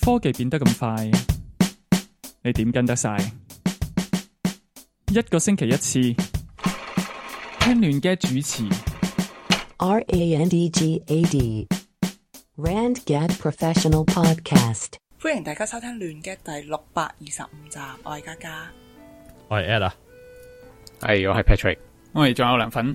科技變得咁快，你點跟得晒？一個星期一次聽亂嘅主持，R A N D G A D Rand Gad Professional Podcast，歡迎大家收聽亂嘅第六百二十五集。我係嘉嘉，我係 Ella，係我係 Patrick，我哋仲有涼粉。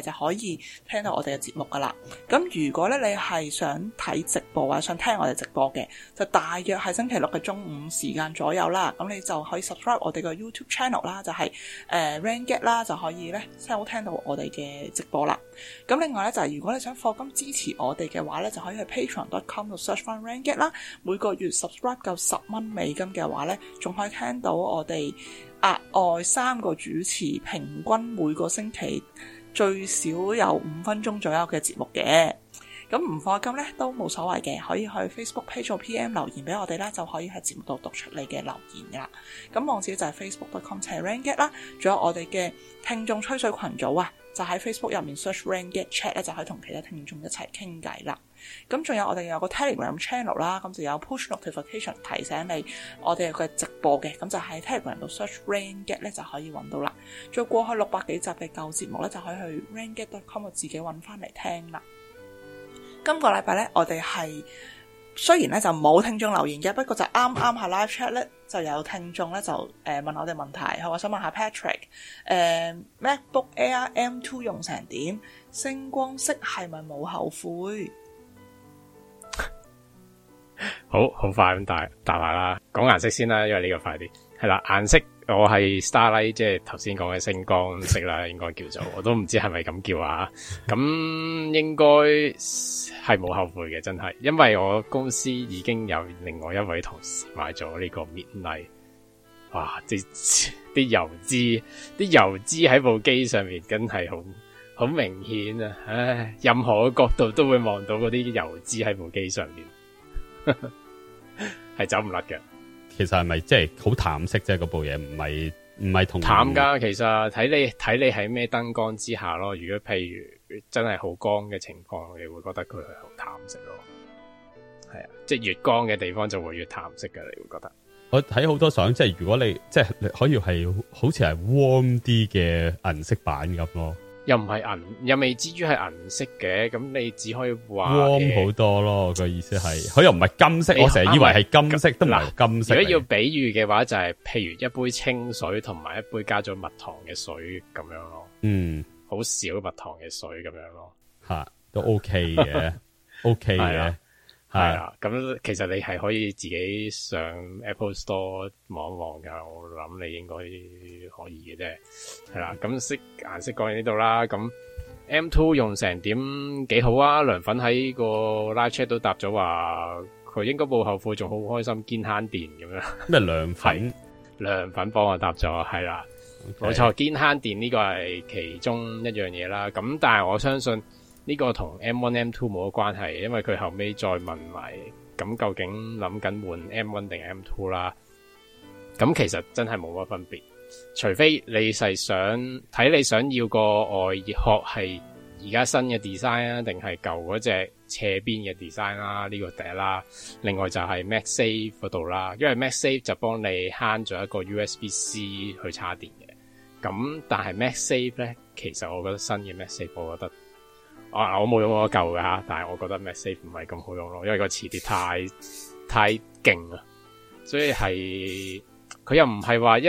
誒，就可以聽到我哋嘅節目噶啦。咁如果咧，你係想睇直播或者想聽我哋直播嘅，就大約係星期六嘅中午時間左右啦。咁你就可以 subscribe 我哋個 YouTube channel 啦，就係、是、誒 Rainget 啦，就可以咧收聽聽到我哋嘅直播啦。咁另外咧、就是，就係如果你想課金支持我哋嘅話咧，就可以去 patreon.com search for Rainget 啦。每個月 subscribe 夠十蚊美金嘅話咧，仲可以聽到我哋額外三個主持，平均每個星期。最少有五分鐘左右嘅節目嘅，咁唔課金咧都冇所謂嘅，可以去 Facebook page P M 留言俾我哋啦，就可以喺節目度讀出你嘅留言噶啦。咁網址就係 Facebook.com/chairangget 啦，仲有我哋嘅聽眾吹水群組啊，就喺 Facebook 入面 search rangget chat 咧，就可以同其他聽眾一齊傾偈啦。咁仲有我哋有個 Telegram Channel 啦，咁就有 Push Notification 提醒你我哋有個直播嘅。咁就喺 Telegram 度 Search Rainget 咧，就可以搵到啦。再過去六百幾集嘅舊節目咧，就可以去 Rainget.com 自己搵翻嚟聽啦。今個禮拜咧，我哋係雖然咧就冇聽眾留言嘅，不過就啱啱下 Live Chat 咧，就有聽眾咧就誒問我哋問題。好，我想問下 Patrick，誒、嗯、MacBook Air M Two 用成點？星光色係咪冇後悔？好好快咁大，大埋啦，講顏色先啦，因為呢個快啲係啦。顏色我係 Starlight 即係頭先講嘅星光色啦， 應該叫做，我都唔知係咪咁叫啊。咁應該係冇後悔嘅，真係，因為我公司已經有另外一位同事買咗呢個 Midnight，哇！啲啲油脂，啲油脂喺部機上面，真係好好明顯啊！唉，任何角度都會望到嗰啲油脂喺部機上面。係走唔甩嘅，其實係咪即係好淡色？即係嗰部嘢唔係唔係同淡噶。其實睇你睇你喺咩燈光之下咯。如果譬如真係好光嘅情況，你會覺得佢係好淡色咯。係啊，即係越光嘅地方就會越淡色嘅。你會覺得我睇好多相，即係如果你即係你可以係好似係 warm 啲嘅銀色版咁咯。又唔係銀，又未至於係銀色嘅。咁你只可以話 warm 好多咯。個意思係佢又唔係金色，欸、我成日以為係金色，金都唔係金色。如果要比喻嘅話，就係，就係譬如一杯清水同埋一杯加咗蜜糖嘅水咁樣咯。嗯，好少蜜糖嘅水咁樣咯。吓、啊，都 OK 嘅 ，OK 嘅。係啦，咁其實你係可以自己上 Apple Store 望一望嘅，我諗你應該可以嘅啫。係啦，咁色顏色講喺呢度啦。咁 M2 用成點幾好啊？涼粉喺個 live chat 都答咗話，佢應該冇後悔仲好開心，堅慳電咁樣。咩涼粉？涼粉幫我答咗，係啦，冇錯，堅慳電呢個係其中一樣嘢啦。咁但係我相信。呢個同 M one M two 冇乜關係，因為佢後尾再問埋咁究竟諗緊換 M one 定 M two 啦，咁其實真係冇乜分別，除非你係想睇你想要個外殼係而家新嘅 design 啊，定係舊嗰隻斜邊嘅 design 啦，呢個碟啦，另外就係 MagSafe 嗰度啦，因為 MagSafe 就幫你慳咗一個 USB C 去插電嘅，咁但係 MagSafe 咧，其實我覺得新嘅 MagSafe 我覺得。啊、我我冇用嗰嚿嘅嚇，但係我覺得 MagSafe 唔係咁好用咯，因為個磁鐵太太勁啊，所以係佢又唔係話一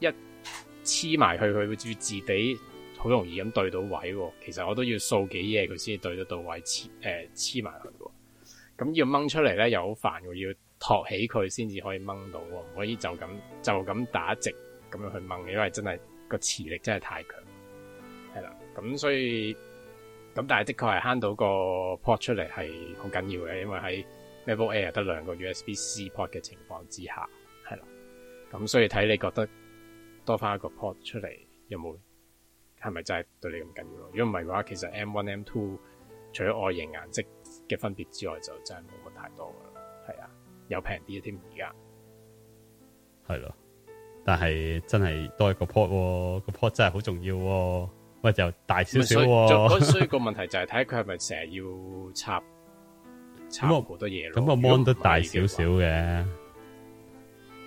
一黐埋去，佢會自自地好容易咁對到位喎。其實我都要掃幾嘢佢先對得到位黐誒黐埋去，咁、呃、要掹出嚟咧又好煩喎，要托起佢先至可以掹到，唔可以就咁就咁打直咁樣去掹嘅，因為真係個磁力真係太強，係啦，咁所以。咁但係的確係慳到個 port 出嚟係好緊要嘅，因為喺 MacBook Air 得兩個 USB C port 嘅情況之下，係啦。咁所以睇你覺得多翻一個 port 出嚟有冇係咪真係對你咁緊要咯？如果唔係嘅話，其實 M1、M2 除咗外形、顏色嘅分別之外，就真係冇乜太多噶啦。係啊，有平啲啊，添而家係咯，但係真係多一個 port，個 port 真係好重要喎。喂，就大少少喎。所以，所以，所以個問題就係睇下佢係咪成日要插插好多嘢咯。咁個 mon 都大少少嘅，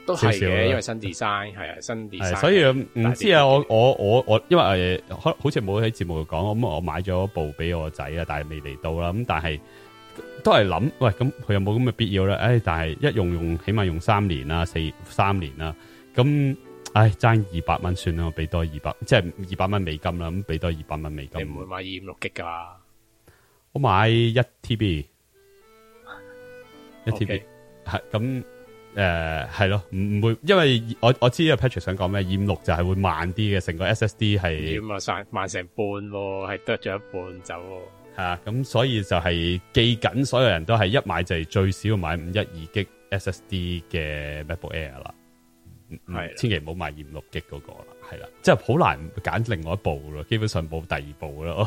都係嘅，因為新 design 係啊，新 design。所以唔知啊，我我我我，因為好似冇喺節目度講。咁我買咗部俾我仔啊，但係未嚟到啦。咁但係都係諗，喂，咁佢有冇咁嘅必要咧？誒、哎，但係一用用，起碼用三年啦，四三年啦，咁。唉，爭二百蚊算啦，我俾多二百，即係二百蚊美金啦，咁俾多二百蚊美金。你唔會買二五六擊噶？我買一 T B，一 T B 係咁，誒、okay.，係咯，唔、呃、唔會，因為我我知阿 Patrick 想講咩，二五六就係會慢啲嘅，成個 S S D 係二五慢，慢成半，係得咗一半走。係啊，咁所以就係記緊，所有人都係一買就係最少買五一二擊 S S D 嘅 MacBook Air 啦。係、嗯，千祈唔好買 256G 嗰個啦，係啦，即係好難揀另外一部咯，基本上冇第二部咯，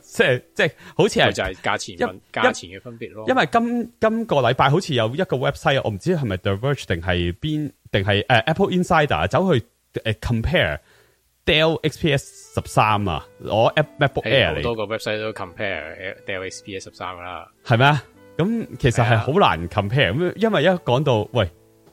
即係即係好似係就係價錢分價錢嘅分別咯。因為今今個禮拜好似有一個 website，我唔知係咪 The Verge 定係邊定係誒 Apple Insider 走去誒、啊、compare Dell XPS 十三啊，我 Apple Air、啊。好多個 website 都 compare Dell XPS 十三啦，係咪啊？咁其實係好難 compare，、啊、因為一講到喂。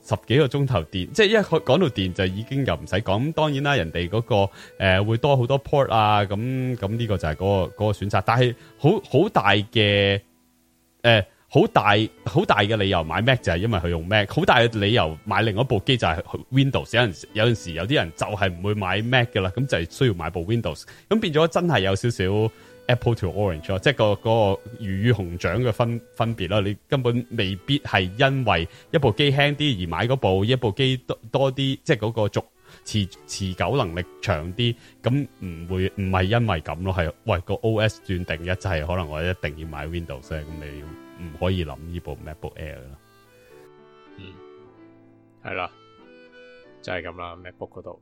十幾個鐘頭電，即係一講到電就已經又唔使講。咁當然啦，人哋嗰、嗰個誒、呃、會多好多 port 啊，咁咁呢個就係嗰、嗰個嗰、嗰個選擇。但係好好大嘅誒好大好大嘅理由買 Mac 就係因為佢用 Mac，好大嘅理由買另一部機就係 Windows 有。有陣有陣時有啲人就係唔會買 Mac 嘅啦，咁就係需要買部 Windows。咁變咗真係有少少。Apple to Orange，即係個個魚與熊掌嘅分分別啦。你根本未必係因為一部機輕啲而買嗰部，一部機多多啲，即係嗰個續持持久能力長啲，咁唔會唔係因為咁咯。係喂個 OS 斷定一，就係可能我一定要買 Windows，咁你唔可以諗呢部 MacBook Air 啦。嗯，係啦，就係咁啦，MacBook 嗰度。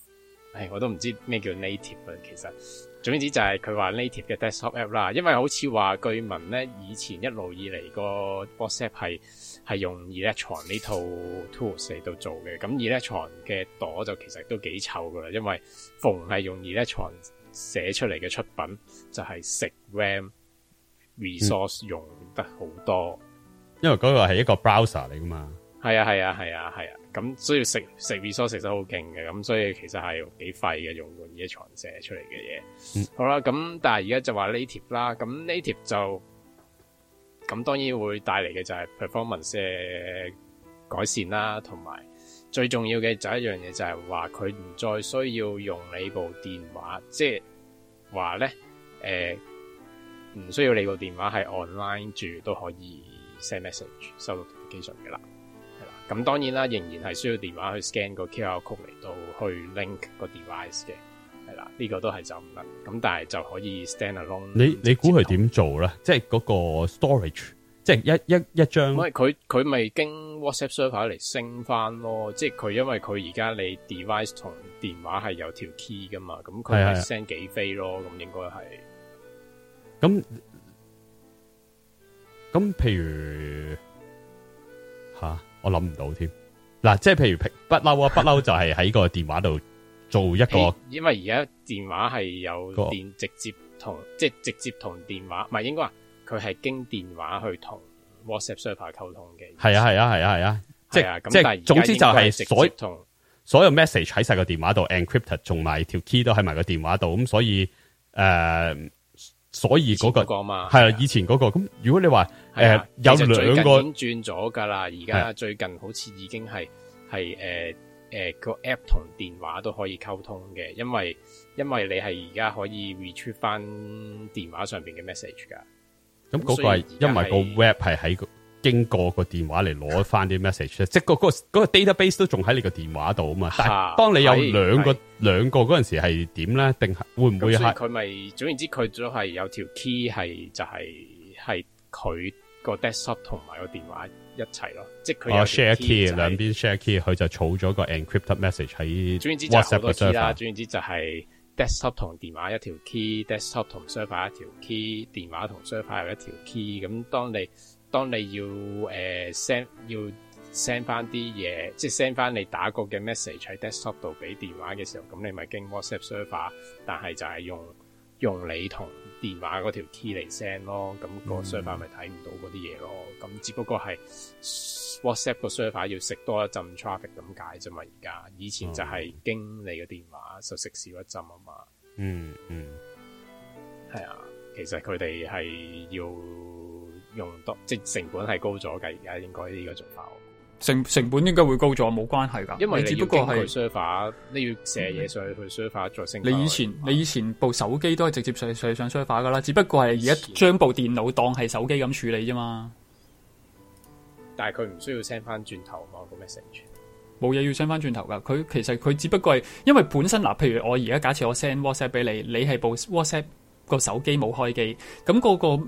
唉，我都唔知咩叫 native 啊！其實總言之就係佢話 native 嘅 desktop app 啦，因為好似話據聞咧，以前一路以嚟個 WhatsApp 係係用 electron 呢套 tools 嚟到做嘅，咁 electron 嘅朵就其實都幾臭噶啦，因為逢係用 electron 寫出嚟嘅出品就係、是、食 RAM resource、嗯、用得好多，因為嗰個係一個 browser 嚟噶嘛。係啊，係啊，係啊，係啊，咁所以食食 research 食得好勁嘅，咁所以其實係幾廢嘅，用呢家長射出嚟嘅嘢。好啦，咁但係而家就話 native 啦，咁 native 就咁當然會帶嚟嘅就係 performance 改善啦，同埋最重要嘅就一樣嘢就係話佢唔再需要用你部電話，即係話咧誒，唔、呃、需要你部電話係 online 住都可以 send message 收到 notification 嘅啦。咁當然啦，仍然係需要電話去 scan 個 QR code 嚟到去 link 個 device 嘅，係啦，呢個都係就唔得。咁但係就可以 stand alone。你你估佢點做咧？即係嗰個 storage，即係一一一張。唔係佢佢咪經 WhatsApp server 嚟升翻咯？即係佢因為佢而家你 device 同電話係有條 key 㗎嘛，咁佢係 send 幾飛咯？咁應該係。咁咁譬如吓。我諗唔到添，嗱、啊，即係譬如不嬲啊，不嬲 就係喺個電話度做一個，因為而家電話係有電直接同，即係直接同電話，唔係應該話，佢係經電話去同 WhatsApp server 溝通嘅，係啊，係啊，係啊，係啊，即係咁即係，總之就係所有同所有 message 喺晒個電話度 encrypted 同埋條 key 都喺埋個電話度，咁、嗯、所以誒。呃所以嗰個係啊，以前嗰個咁，如果你話誒有兩個轉咗噶啦，而家最近好似已經係係誒誒個 app 同電話都可以溝通嘅，因為因為你係而家可以 retrieve 翻電話上邊嘅 message 噶，咁嗰個係因為個 web 係喺個。經過個電話嚟攞翻啲 message 咧， 即係、嗰個、嗰個 database 都仲喺你個電話度啊嘛。但係當你有兩個兩 個嗰陣時係點咧？定會唔會係佢咪？總言之，佢都係有條 key 係就係係佢個 desktop 同埋個電話一齊咯。即係佢有 key、就係哦、share key，兩邊 share key，佢就儲咗個 encrypted message 喺 WhatsApp。總言之就係好多 key 啦。總言之就係 desktop 同電話一條 key，desktop 同 server 一條 key，電話同 server 一條 key。咁當你當你要誒 send、呃、要 send 翻啲嘢，即係 send 翻你打過嘅 message 喺 desktop 度俾電話嘅時候，咁你咪經 WhatsApp server，但係就係用用你同電話嗰條 key 嚟 send 咯，咁個 server 咪睇唔到嗰啲嘢咯。咁只不過係 WhatsApp 個 server 要食多一陣 traffic 咁解啫嘛。而家以前就係經你嘅電話就食少一陣啊嘛。嗯嗯，係、嗯嗯嗯、啊，其實佢哋係要。用多即成本係高咗嘅，而家應該呢個做法，成成本應該會高咗，冇關係噶。因為去 server, 只不過係你要寫嘢上去 server,、嗯、去 server 再升。你以前你以前部手機都係直接上上上 server 噶啦，只不過係而家將部電腦當係手機咁處理啫嘛。但係佢唔需要 send 翻轉頭個 message，冇嘢要 send 翻轉頭噶。佢其實佢只不過係因為本身嗱、呃，譬如我而家假設我 send WhatsApp 俾你，你係部 WhatsApp 手機機那、那個手機冇開機，咁個個。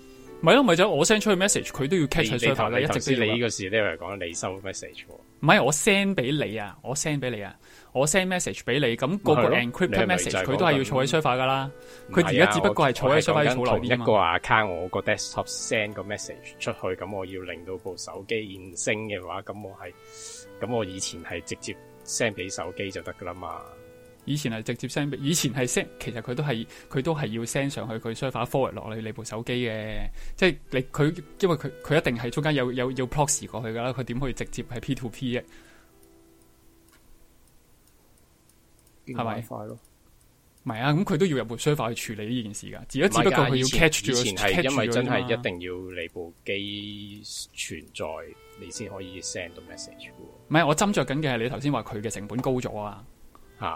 咪咯、啊，咪就、啊、我 send 出去 message，佢都要 keep 喺 sofa 㗎。一直都你呢、啊啊、個事，呢位講你收 message 喎、啊。唔係，我 send 俾你啊！我 send 俾你啊！我 send message 俾你，咁個個 encrypted message 佢都係要坐喺 sofa 噶啦。佢而家只不過係坐喺 sofa 儲一個 account，我 desktop send 個 message 出去，咁我要令到部手機現升嘅話，咁我係，咁我以前係直接 send 俾手機就得噶啦嘛。以前係直接 send 俾，以前係 send，其實佢都係佢都係要 send 上去佢 server forward 落你你部手機嘅，即係你佢因為佢佢一定係中間有有要 proxy 過去噶啦，佢點可以直接係 P to P 啫？係咪？咪啊，咁佢 都要入部 server 去處理呢件事噶，而家只不過佢要 catch 住咯，以前因為真係一定要你部機存在，你、啊、先可以 send 到 message 唔係，我斟酌緊嘅係你頭先話佢嘅成本高咗啊，吓。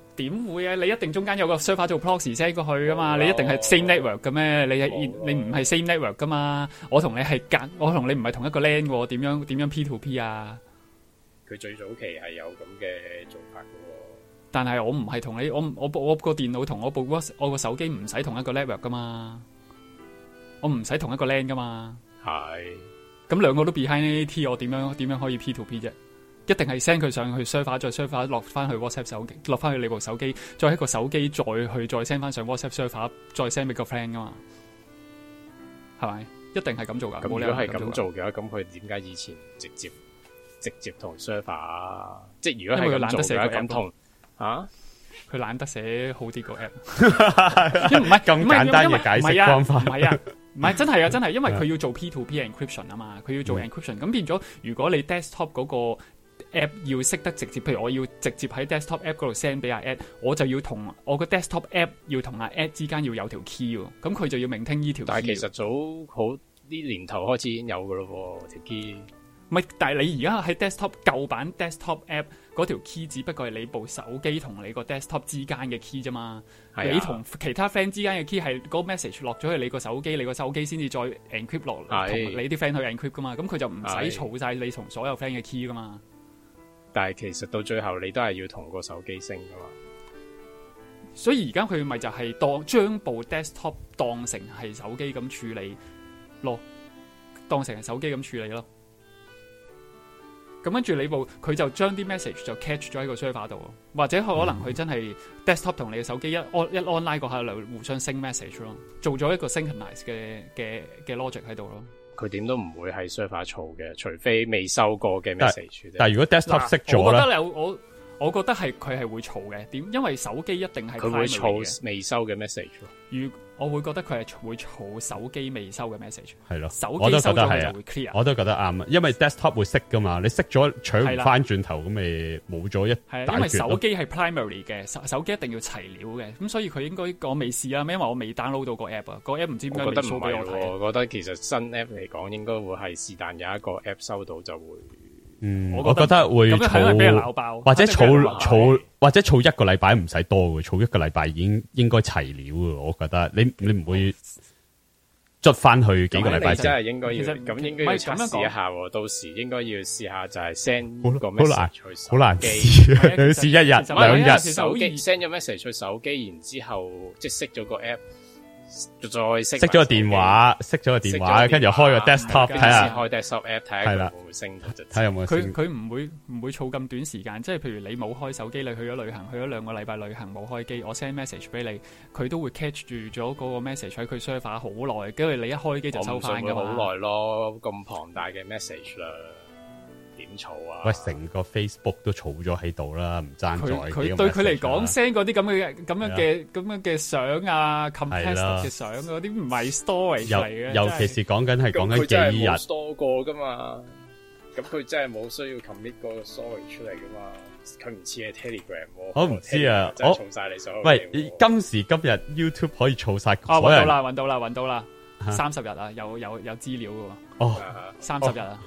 點會啊？你一定中間有個 server 做 proxy send 過去噶嘛？Oh，你一定係 same network 嘅咩？Oh，你係 oh, oh。你唔係 same network 噶嘛？我同你係隔，我同你唔係同一個 lan，點樣點樣 p to p 啊？佢最早期係有咁嘅做法嘅，但係我唔係同你，我我我個電腦同我部我個手機唔使同一個 network 噶嘛？我唔使同一個 lan 噶嘛？係咁兩個都 behind NAT，我點樣點樣可以 p to p 啫？一定係 send 佢上去 server，再 server 落翻去 WhatsApp 手機，落翻去你部手機，再喺個手機再去再 send 翻上 WhatsApp server，再 send 俾個 friend 噶嘛？係咪？一定係咁做噶？如果係咁做嘅話，咁佢點解以前直接直接同 server？即係如果係佢懶得寫咁同啊？佢懶得寫好啲個 app，即唔係咁簡單嘅解釋方法，唔係啊，唔係真係啊，真係，因為佢要做 P to P 嘅 encryption 啊嘛，佢要做 encryption，咁變咗如果你 desktop 嗰個。app 要識得直接，譬如我要直接喺 desktop app 度 send 俾阿 Ed，我就要同我個 desktop app 要同阿 Ed 之間要有條 key 咁佢就要明聽呢條 key。但係其實早好呢年頭開始已經有噶咯，條 key。唔係，但係你而家喺 desktop 舊版 desktop app 嗰條 key 只不過係你部手機同你個 desktop 之間嘅 key 啫嘛。你同其他 friend 之間嘅 key 係嗰 message 落咗去你個手機，你個手機先至再 encrypt 落，同你啲 friend 去 encrypt 噶嘛。咁佢就唔使儲晒你同所有 friend 嘅 key 噶嘛。但係其實到最後你都係要同個手機升噶嘛，所以而家佢咪就係當將部 desktop 當成係手機咁處，處理咯，當成係手機咁處理咯。咁跟住你部佢就將啲 message 就 catch 咗喺個 server 度，或者可能佢真係 desktop 同你嘅手機一安、mm-hmm. 一,一 online 過下嚟互相 send message 咯，做咗一個 synchronize 嘅嘅嘅 logic 喺度咯。佢點都唔會係 s u r f 嘈嘅，除非未收過嘅 message。但係如果 desktop 熄咗、啊、我覺得你有我。我覺得係佢係會嘈嘅，點？因為手機一定係 primary 嘅，佢會嘈未收嘅 message。如我會覺得佢係會嘈手機未收嘅 message。係咯，我都覺得係啊，我都覺得啱，因為 desktop 會熄噶嘛，你熄咗搶唔返轉頭咁咪冇咗一係。因為手機係 primary 嘅，手手機一定要齊料嘅，咁所以佢應該我未試啊，因為我未 download 到個 app 啊，個 app 唔知點解未俾我睇。覺得唔係喎，我我覺得其實新 app 嚟講應該會係是但有一個 app 收到就會。嗯，我覺得會儲，或者儲儲或者儲一個禮拜唔使多嘅，儲一個禮拜已經應該齊料嘅。我覺得你你唔會捽翻去幾個禮拜先。真係應該要，咁應該要測試一下。到時應該要試下就係 send 個 message，好難記，要試一日兩日手機 send 咗 message 去手機，然之後即係熄咗個 app。再熄熄咗個電話，熄咗個電話，跟住開個 desktop 睇下，開 desktop app 睇下，係啦，升睇有冇升。佢佢唔會唔會儲咁短時間，即係譬如你冇開手機，你去咗旅行，去咗兩個禮拜旅行冇開機，我 send message 俾你，佢都會 catch 住咗嗰個 message 喺佢 server 好耐，跟住你一開機就收翻噶嘛。好耐咯，咁龐大嘅 message 啦。嘈啊！喂，成個 Facebook 都儲咗喺度啦，唔爭在。佢佢對佢嚟講 send 嗰啲咁嘅咁樣嘅咁樣嘅相啊，compared 嘅相嗰啲唔係 story 嘅。尤尤其是講緊係講緊幾日，多過噶嘛。咁佢真係冇需要 commit 個 story 出嚟噶嘛。佢唔似係 Telegram。我唔知啊。我喂，今時今日 YouTube 可以儲晒。啊，揾到啦，揾到啦，揾到啦，三十日啊，有有有資料噶。哦，三十日啊。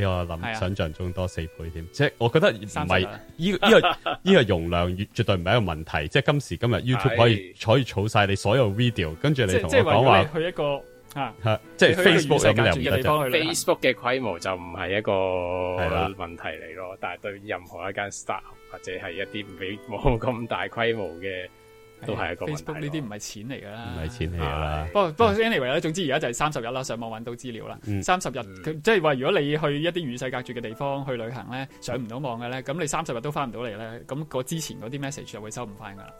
呢個諗想象中多四倍添，即係我覺得唔係依依個依個容量越絕對唔係一個問題，即係今時今日 YouTube 可以可以儲晒你所有 video，跟住你同講話去一個吓吓，即係 Facebook 就唔同，Facebook 嘅規模就唔係一個問題嚟咯。但係對任何一間 startup 或者係一啲比冇咁大規模嘅。都係、啊、Facebook 呢啲唔係錢嚟噶，唔係錢嚟噶啦、啊。不過不過、啊、anyway 咧，總之而家就係三十日啦，啊、上網揾到資料啦。三、嗯、十日、嗯、即係話，如果你去一啲與世隔絕嘅地方去旅行咧、嗯，上唔到網嘅咧，咁你三十日都翻唔到嚟咧，咁之前嗰啲 message 就會收唔翻噶啦。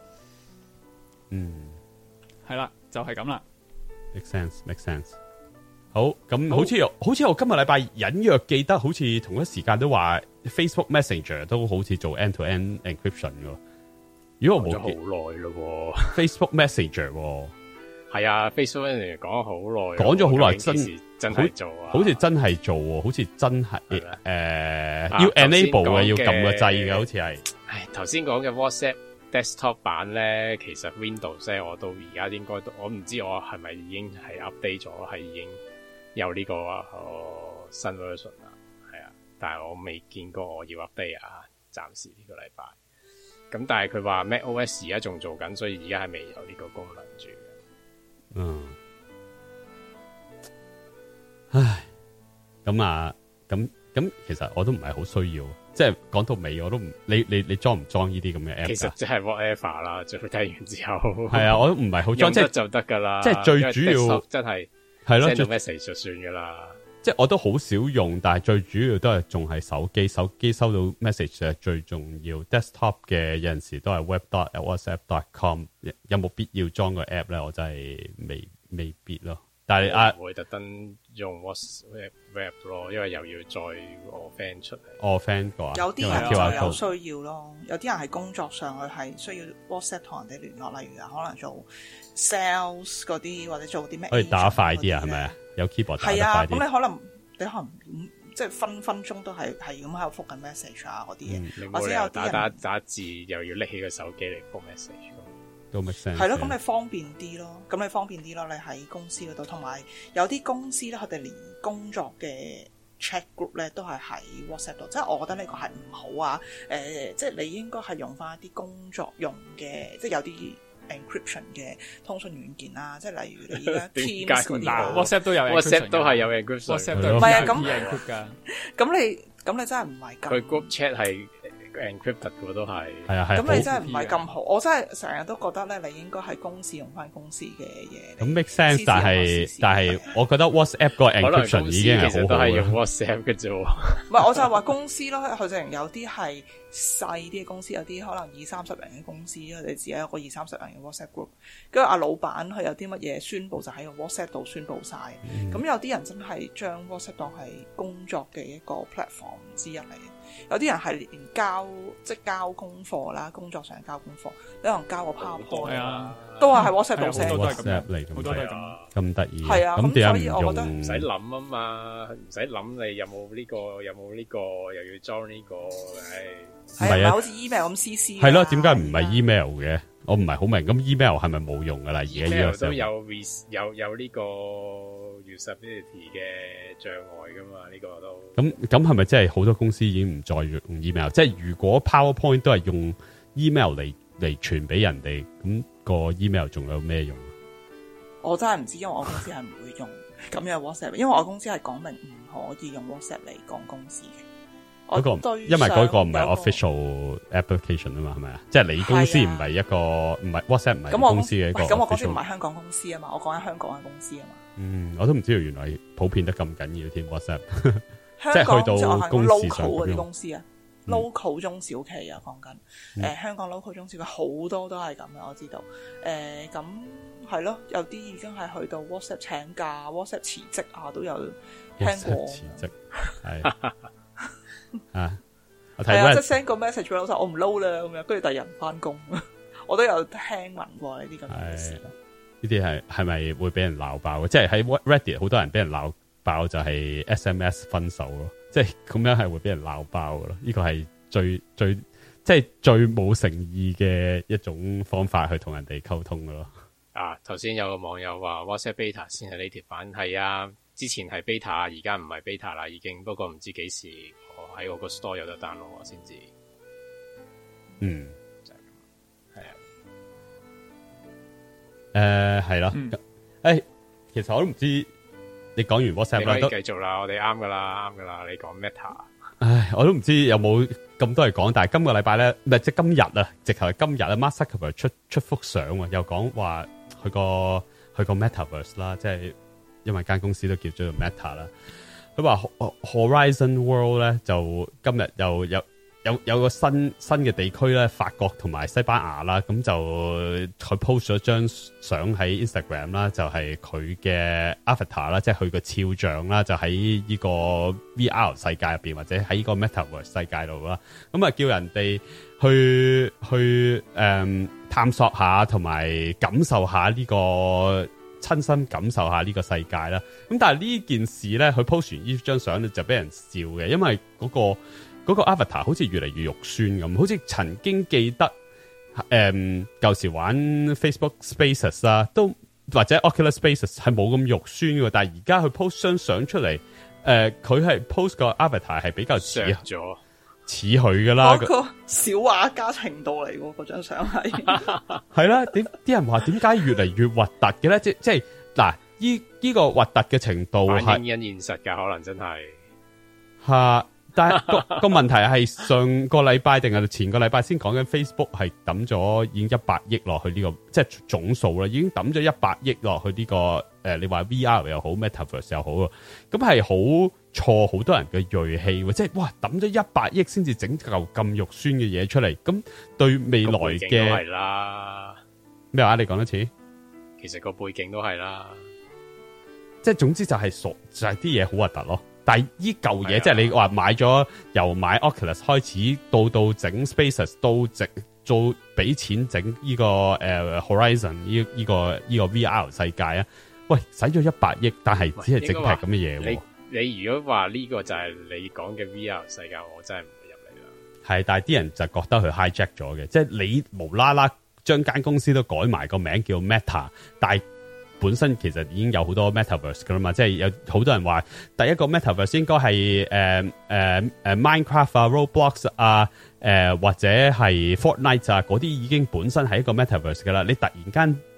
嗯，係啦、啊，就係咁啦。Make sense, make sense。好，咁好似好似我，我今日禮拜隱約記得，好似同一時間都話 Facebook Messenger 都好似做 end to end encryption 噶。如果我冇咗好耐喎。Facebook Messenger 係啊，Facebook Messenger 講咗好耐，講咗好耐，真真係做啊，好似真係做、啊，好似真係誒、呃啊啊，要 enable 嘅，要撳個掣嘅、啊，好似係、啊。唉，頭先講嘅 WhatsApp desktop 版咧，其實 Windows 呢我到而家應該都，我唔知我係咪已經係 update 咗，係已經有呢個誒、啊哦、新 version 啦，係啊，但係我未見過我要 update 啊，暫時呢個禮拜。咁但係佢話 MacOS 而家仲做緊，所以而家係未有呢個功能住。嗯，唉，咁啊，咁咁，其實我都唔係好需要，即係講到尾我都唔，你你你裝唔裝呢啲咁嘅 apps？其實就係 whatever 啦，最後睇完之後係啊，我都唔係好裝，即係就得噶啦，即係最主要真係係咯，send 個 message 就算噶啦。即係我都好少用，但係最主要都係仲係手機，手機收到 message 就係最重要。Desktop 嘅有陣時都係 web dot whatsapp dot com。有冇必要裝個 app 咧？我真係未未必咯。但係啊，唔會特登用 WhatsApp 咯，因為又要再 all friend 出嚟。all friend 個啊，有啲人就有需要咯。有啲人係工作上佢係需要 WhatsApp 同人哋聯絡，例如可能做 sales 嗰啲或者做啲咩，可以打快啲啊，係咪啊？有 keyboard 打得快啲。係啊，咁你可能你可能，你可能即係分分鐘都係係咁喺度覆緊 message 啊嗰啲嘢，或者有啲人打，打字又要拎起個手機嚟覆 message。係咯，咁、yeah. 你方便啲咯，咁你方便啲咯。你喺公司嗰度，同埋有啲公司咧，佢哋連工作嘅 chat group 咧都係喺 WhatsApp 度，即係我覺得呢個係唔好啊。誒、呃，即係你應該係用翻一啲工作用嘅，即係有啲 encryption 嘅通訊軟件啦。即係例如你啲 Teams 嗰啲 ，WhatsApp 都有，WhatsApp 都係有 encryption，WhatsApp 都唔係啊。咁唔咁你咁你真係唔係咁。佢 group chat 係。encrypted 嘅都係，係啊係。咁、嗯嗯嗯、你真係唔係咁好，我真係成日都覺得咧，你應該係公司用翻公司嘅嘢。咁 make sense，但係但係，我覺得 WhatsApp 個 encryption 已經係好好嘅。公司其實都係用 WhatsApp 嘅啫。唔係 我就係話公司咯。佢 仲有啲係細啲嘅公司，有啲可能二三十人嘅公司啊，你自己有個二三十人嘅 WhatsApp group，跟住阿老闆佢有啲乜嘢宣佈就喺個 WhatsApp 度宣佈晒。咁、嗯嗯嗯、有啲人真係將 WhatsApp 當係工作嘅一個 platform 之一嚟。有啲人係連交，即係交功課啦，工作上交功課，有人交個 PowerPoint 啊，都係喺 WhatsApp 度 send 嚟，好多都係咁入嚟，好多係咁，咁得意，係啊，咁所以我覺得唔使諗啊嘛，唔使諗你有冇呢個，有冇呢個，又要裝呢個，係啊，好似 email 咁 CC，係咯，點解唔係 email 嘅？我唔係好明，咁 email 係咪冇用噶啦？而家呢樣嘢都有有有呢個。security 嘅障礙噶嘛？呢、這個都咁咁係咪真係好多公司已經唔再用 email？即係如果 PowerPoint 都係用 email 嚟嚟傳俾人哋，咁個 email 仲有咩用？我真係唔知，因為我公司係唔會用咁樣 WhatsApp， 因為我公司係講明唔可以用 WhatsApp 嚟講公司嘅。嗰、那個，我對因為嗰個唔係 official application 啊嘛，係咪啊？即係、就是、你公司唔係一個唔係 WhatsApp 唔係公司嘅一個。咁我公司唔係香港公司啊嘛，我講緊香港嘅公司啊嘛。嗯，我都唔知道原來普遍得咁緊要添 WhatsApp，即係 去到 local 嗰啲公司啊 local、嗯、local 中小企啊，講緊誒，香港 local 中小企好多都係咁嘅，我知道。誒、呃，咁係咯，有啲已經係去到 WhatsApp 請假、WhatsApp 辭職啊，都有聽過辭職係啊，我睇啊是， 即係 send 個 message 俾老細，我唔撈啦，咁樣跟住第二日又翻工， 我都有聽聞過呢啲咁嘅事。呢啲係係咪會俾人鬧爆嘅？即係喺 Reddit 好多人俾人鬧爆就係 SMS 分手咯，即係咁樣係會俾人鬧爆咯。呢個係最最即係最冇誠意嘅一種方法去同人哋溝通咯。啊，頭先有個網友話 WhatsApp Beta 先係呢條版係啊，之前係 Beta，而家唔係 Beta 啦，已經。不過唔知幾時喺我個我 store 有得 download 先至。嗯。誒，係啦，誒，其實我都唔知你講完 WhatsApp，你可以繼續啦，我哋啱噶啦，啱噶啦，你講 Meta，唉，我都唔知有冇咁多人講，但係今個禮拜咧，唔係即係今日啊，直頭係今日啊，Mark Zuckerberg 出出幅相啊，又講話佢個佢個 Metaverse 啦，即係因為間公司都叫做 Meta 啦，佢話 Horizon World 咧就今日又有。有有個新新嘅地區咧，法國同埋西班牙啦，咁就佢 post 咗張相喺 Instagram 啦，就係佢嘅 avatar 啦，即係佢個肖像啦，就喺呢個 VR 世界入邊，或者喺呢個 Metaverse 世界度啦，咁啊叫人哋去去誒、嗯、探索下，同埋感受下呢、呢個親身感受下呢個世界啦。咁但係呢件事咧，佢 post 完呢張相咧就俾人笑嘅，因為嗰、嗰個。嗰、那個 avatar 好似越嚟越肉酸咁，好似曾經記得誒，舊、嗯、時玩 Facebook Spaces 啊，都或者 Oculus Spaces 係冇咁肉酸嘅，但係而家佢 post 張相出嚟，誒、呃，佢係 post 個 avatar 係比較似咗似佢㗎啦，個、啊、小畫家程度嚟喎，嗰張相係係啦，點啲人話點解越嚟越核突嘅咧？即即係嗱，依依個核突嘅程度係變因現實嘅，可能真係吓。啊 但係個個問題係上個禮拜定係前個禮拜先講緊 Facebook 係抌咗已經一百億落去呢、這個即係總數啦，已經抌咗一百億落去呢、這個誒、呃，你話 VR 又好，Metaverse 又好啊，咁係好錯，好多人嘅銳氣，即係哇抌咗一百億先至整嚿咁肉酸嘅嘢出嚟，咁對未來嘅咩話？你講多次，其實個背景都係啦，即係總之就係熟，就係啲嘢好核突咯。但呢嚿嘢，即係你話買咗由買 Oculus 開始到到整 Spaces 到整做俾錢整呢、呢個、uh, Horizon 呢、呢、依個依、呢個呢個、VR 世界啊！喂，使咗一百億，但係只係淨係咁嘅嘢。你如果話呢個就係你講嘅 VR 世界，我真係唔會入嚟啦。係，但係啲人就覺得佢 hijack 咗嘅，即係你無啦啦將間公司都改埋、個名叫 Meta，但係。本身其實已經有好多 metaverse 噶啦嘛，即係有好多人話，第一個 metaverse 應該係誒、呃呃、Minecraft 啊、Roblox 啊、呃、或者係 Fortnite 啊嗰啲已經本身係一個 metaverse 噶啦。你突然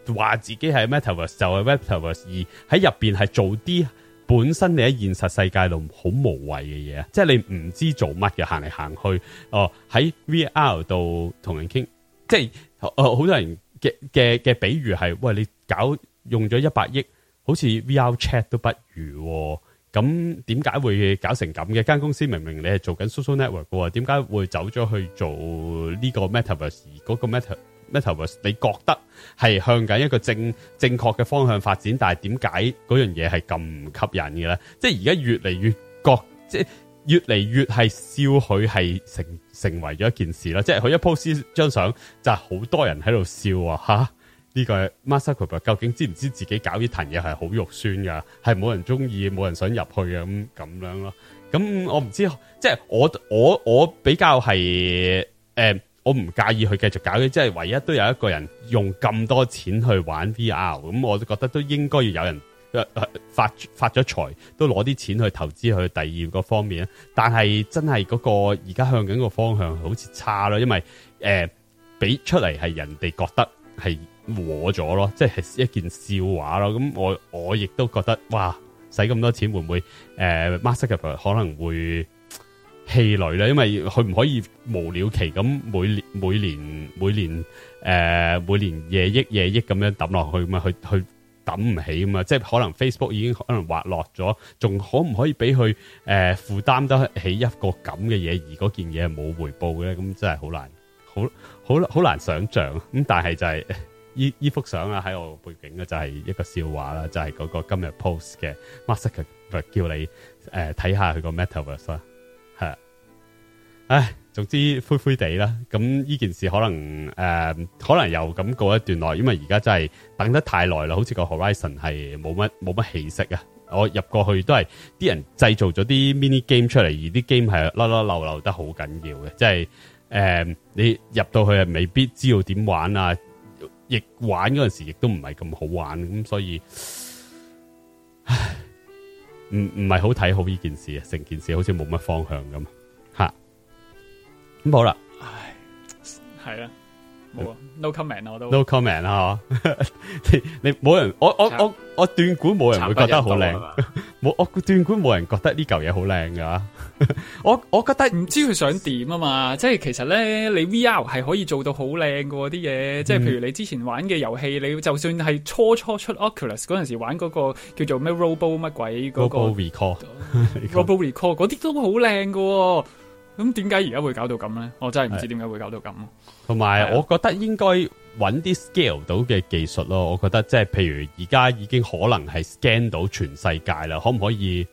間話自己係 metaverse 就係 metaverse，而喺入邊係做啲本身你喺現實世界度好無謂嘅嘢，即係你唔知做乜嘅行嚟行去哦。喺 VR 度同人傾，即係好多人嘅嘅嘅比喻係喂你搞。用咗一百億，好似 VR Chat 都不如。哦，咁點解會搞成咁嘅？間公司明明你係做緊 social network 嘅，點解會走咗去做呢個 Metaverse？嗰個 Meta Metaverse，你覺得係向緊一個正正確嘅方向發展？但係點解嗰樣嘢係咁唔吸引嘅咧？即係而家越嚟越覺，即係越嚟越係笑佢係成成為咗一件事啦。即係佢一 post 張相就係、是、好多人喺度笑啊，吓！呢、這個 Master Cooper 究竟知唔知自己搞呢壇嘢係好肉酸噶？係冇人中意，冇人想入去咁咁樣咯。咁我唔知，即係我我我比較係誒、呃，我唔介意佢繼續搞嘅。即係唯一都有一個人用咁多錢去玩 VR，咁我都覺得都應該要有人發發咗財，都攞啲錢去投資去第二個方面。但係真係嗰個而家向緊個方向好似差咯，因為誒俾、呃、出嚟係人哋覺得係。和咗咯，即係一件笑話咯。咁我我亦都覺得哇，使咁多錢會唔會誒，mask up 可能會氣餒咧？因為佢唔可以無了期咁每年每年每年誒每年夜億夜億咁樣抌落去嘛，去去抌唔起嘛。即係可能 Facebook 已經可能滑落咗，仲可唔可以俾佢誒負擔得起一個咁嘅嘢？而嗰件嘢係冇回報嘅，咁真係好難，好好好難想象。咁但係就係、是。依依幅相啊，喺我背景嘅就係一個笑話啦，就係、是、嗰個今日 post 嘅 mask 嘅，唔係叫你誒睇下佢個 metaverse 啦，吓，唉，總之灰灰地啦。咁呢件事可能誒、呃，可能又咁過一段耐，因為而家真係等得太耐啦，好似個 Horizon 係冇乜冇乜起色啊。我入過去都係啲人製造咗啲 mini game 出嚟，而啲 game 係甩甩漏漏得好緊要嘅，即係誒你入到去啊，未必知道點玩啊。亦玩嗰陣時，亦都唔係咁好玩，咁所以，唉，唔唔係好睇好呢件事啊！成件事好似冇乜方向咁，吓，咁好啦，唉，係啦，啊，冇啊，嗯，no comment 我都 no comment 啦， 你你冇人，我我我我斷估冇人會覺得好靚，冇 我斷估冇人覺得呢嚿嘢好靚噶。 我我覺得唔知佢想點啊嘛，即係其實咧，你 VR 係可以做到好靚嘅啲嘢，即係、嗯、譬如你之前玩嘅遊戲，你就算係初初出 Oculus 嗰陣時玩嗰、嗰個叫做咩 Robo 乜鬼嗰、嗰個 Robo Recall Robo Recall 嗰、呃、啲 都好靚嘅，咁點解而家會搞到咁咧？我真係唔知點解會搞到咁。同埋我覺得應該揾啲 scale 到嘅技術咯，我覺得即係譬如而家已經可能係 scan 到全世界啦，可唔可以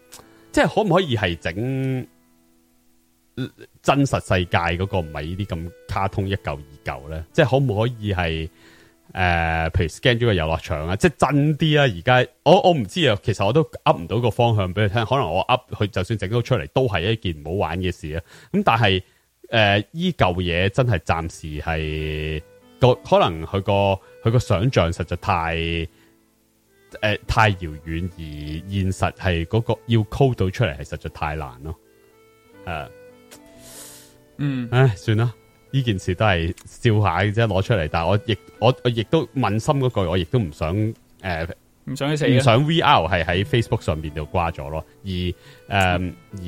即係、即係、可唔可以係整？真實世界嗰個唔係呢啲咁卡通一舊二舊咧，即係可唔可以係誒、呃，譬如 scan 咗個遊樂場啊，即係真啲啊？而家我我唔知啊，其實我都 up 唔到個方向俾你聽，可能我 up 佢就算整到出嚟都係一件唔好玩嘅事啊。咁但係誒，呢舊嘢真係暫時係個可能佢個佢個想象實在太誒、呃、太遙遠，而現實係嗰個要 code 到出嚟係實在太難咯，誒、呃。嗯，唉，算啦，呢件事都係笑下啫，攞出嚟。但係我亦我我亦都問心嗰句，我亦都唔想誒，唔、呃、想去死，唔想 VR 係喺 Facebook 上邊度瓜咗咯。而誒、嗯、而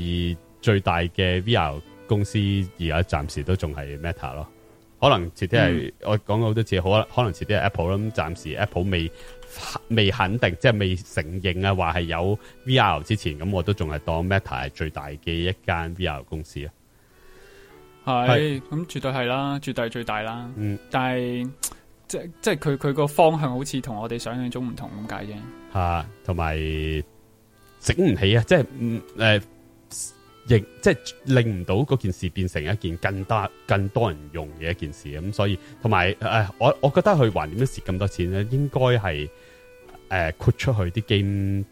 最大嘅 VR 公司而家暫時都仲係 Meta 咯。可能遲啲係我講過好多次，可能可能遲啲係 Apple 咯。咁暫時 Apple 未未肯定，即係未承認啊，話係有 VR 之前，咁我都仲係當 Meta 係最大嘅一間 VR 公司啊。係咁，絕對係啦，絕對係最大啦。嗯、但係即即係佢佢個方向好似同我哋想象中唔同咁解啫。係同埋整唔起啊，即係唔誒，亦、嗯呃、即係令唔到嗰件事變成一件更多更多人用嘅一件事。咁、嗯、所以同埋誒，我我覺得佢還點都蝕咁多錢咧，應該係誒豁出去啲 game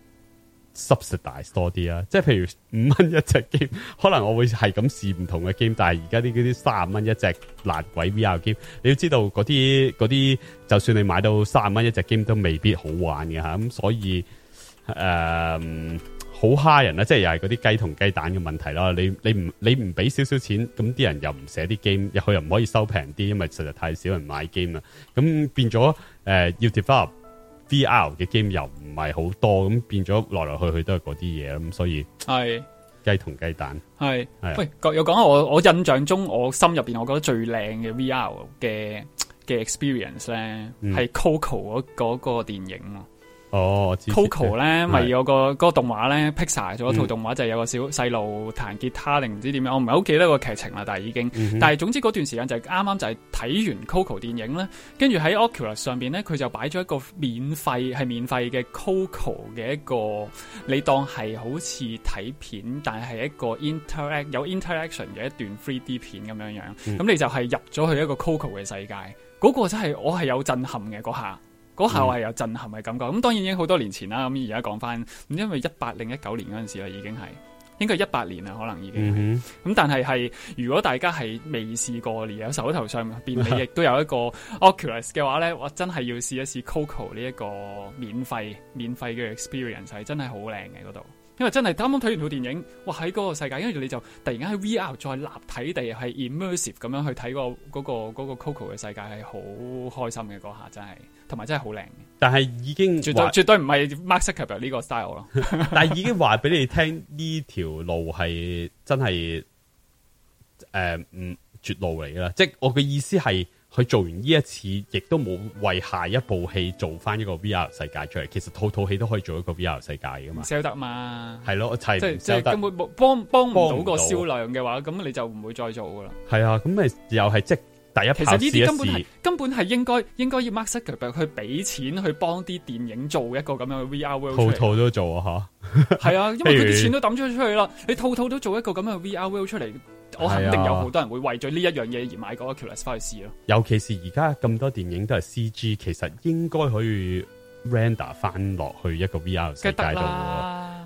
subsidies 多啲啊，即係譬如五蚊一隻 game，可能我會係咁試唔同嘅 game，但係而家啲嗰啲卅蚊一隻爛鬼 VR game，你要知道嗰啲嗰啲，就算你買到卅蚊一隻 game 都未必好玩嘅吓，咁所以誒好蝦人啦，即係又係嗰啲雞同雞蛋嘅問題啦，你你唔你唔俾少少錢，咁啲人又唔寫啲 game，入去又唔可以收平啲，因為實在太少人買 game 啦，咁變咗誒要 develop。V R 嘅 game 又唔係好多，咁變咗來來去去都係嗰啲嘢咁，所以係雞是同雞蛋係係是是喂，又講下我我印象中我心入邊我覺得最靚嘅 V R 嘅嘅 experience 咧係 Coco 嗰嗰個電影。嗯哦，Coco 咧咪有個嗰個動畫咧，mm-hmm.，Pixar 做一套動畫，就係、是、有個小細路彈吉他定唔知點樣，我唔係好記得個劇情啦，但係已經，mm-hmm. 但係總之嗰段時間就係啱啱就係睇完 Coco 電影咧，跟住喺 Oculus 上邊咧，佢就擺咗一個免費係免費嘅 Coco 嘅一個，你當係好似睇片，但係一個 interact 有 interaction 嘅一段 3D 片咁樣樣，咁，mm-hmm. 你就係入咗去一個 Coco 嘅世界，嗰、那個真係我係有震撼嘅嗰下。嗰下我係有震撼嘅感覺，咁、嗯、當然已經好多年前啦，咁而家講翻，因為一八零一九年嗰陣時啦，已經係應該係一八年啦，可能已經，咁、嗯、但係係如果大家係未試過，而有手頭上，變你亦都有一個 Oculus 嘅話咧， 我真係要試一試 Coco 呢一個免費免費嘅 experience 係真係好靚嘅嗰度。因為真係啱啱睇完套電影，哇！喺嗰個世界，跟住你就突然間喺 VR 再立體地係 immersive 咁樣去睇、嗰個嗰、嗰個、嗰個 Coco 嘅世界，係好開心嘅嗰下真係，真係同埋真係好靚嘅。但係已經絕對絕對唔係 Max Cooper 呢個 style 咯。 但係已經話俾你聽呢條路係真係誒，唔、呃嗯、絕路嚟噶啦。即係我嘅意思係。佢做完呢一次，亦都冇為下一部戲做翻一個 VR 世界出嚟。其實套套戲都可以做一個 VR 世界噶嘛，sell 得嘛？係咯，即係即係根本冇幫幫唔到個銷量嘅話，咁你就唔會再做噶啦。係啊，咁咪又係即第一次試一試。其實呢啲根本係根本係應該應該要 Mark Zuckerberg 去俾錢去幫啲電影做一個咁樣嘅 VR world。套套都做啊，吓？係 啊，因為佢啲錢都抌咗出去啦。你套套都做一個咁嘅 VR world 出嚟。我肯定有好多人會為咗呢一樣嘢而買嗰個 Oculus 翻去試咯。尤其是而家咁多電影都係 C G，其實應該可以 render 翻落去一個 V R 世界度。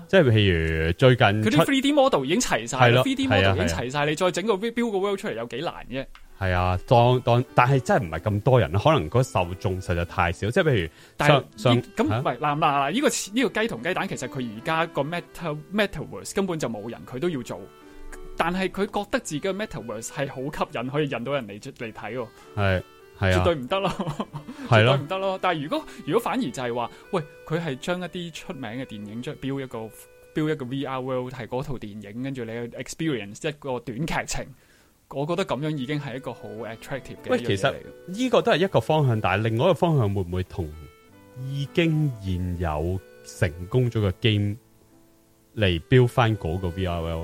即係譬如最近佢啲3 D model 已經齊晒啦，3 D model 已經齊晒，啊啊啊，你再整個 build 個 world 出嚟有幾難啫，啊？係啊，當當，但係真係唔係咁多人，可能嗰受眾實在太少。即係譬如，但係咁唔係，嗱唔嗱，呢，啊這個呢，這個雞同雞蛋，其實佢而家個 meta metaverse 根本就冇人，佢都要做。但係佢覺得自己嘅 Metaverse 係好吸引，可以引到人嚟嚟睇喎。係啊，絕對唔得咯，絕對唔得咯。啊、但係如果如果反而就係話，喂，佢係將一啲出名嘅電影出 build 一個 build 一個 VR world 係嗰套電影，跟住你去 experience 一個短劇情，我覺得咁樣已經係一個好 attractive 嘅。喂，其實呢個都係一個方向，但係另外一個方向會唔會同已經現有成功咗嘅 game？嚟 build 返嗰個 VR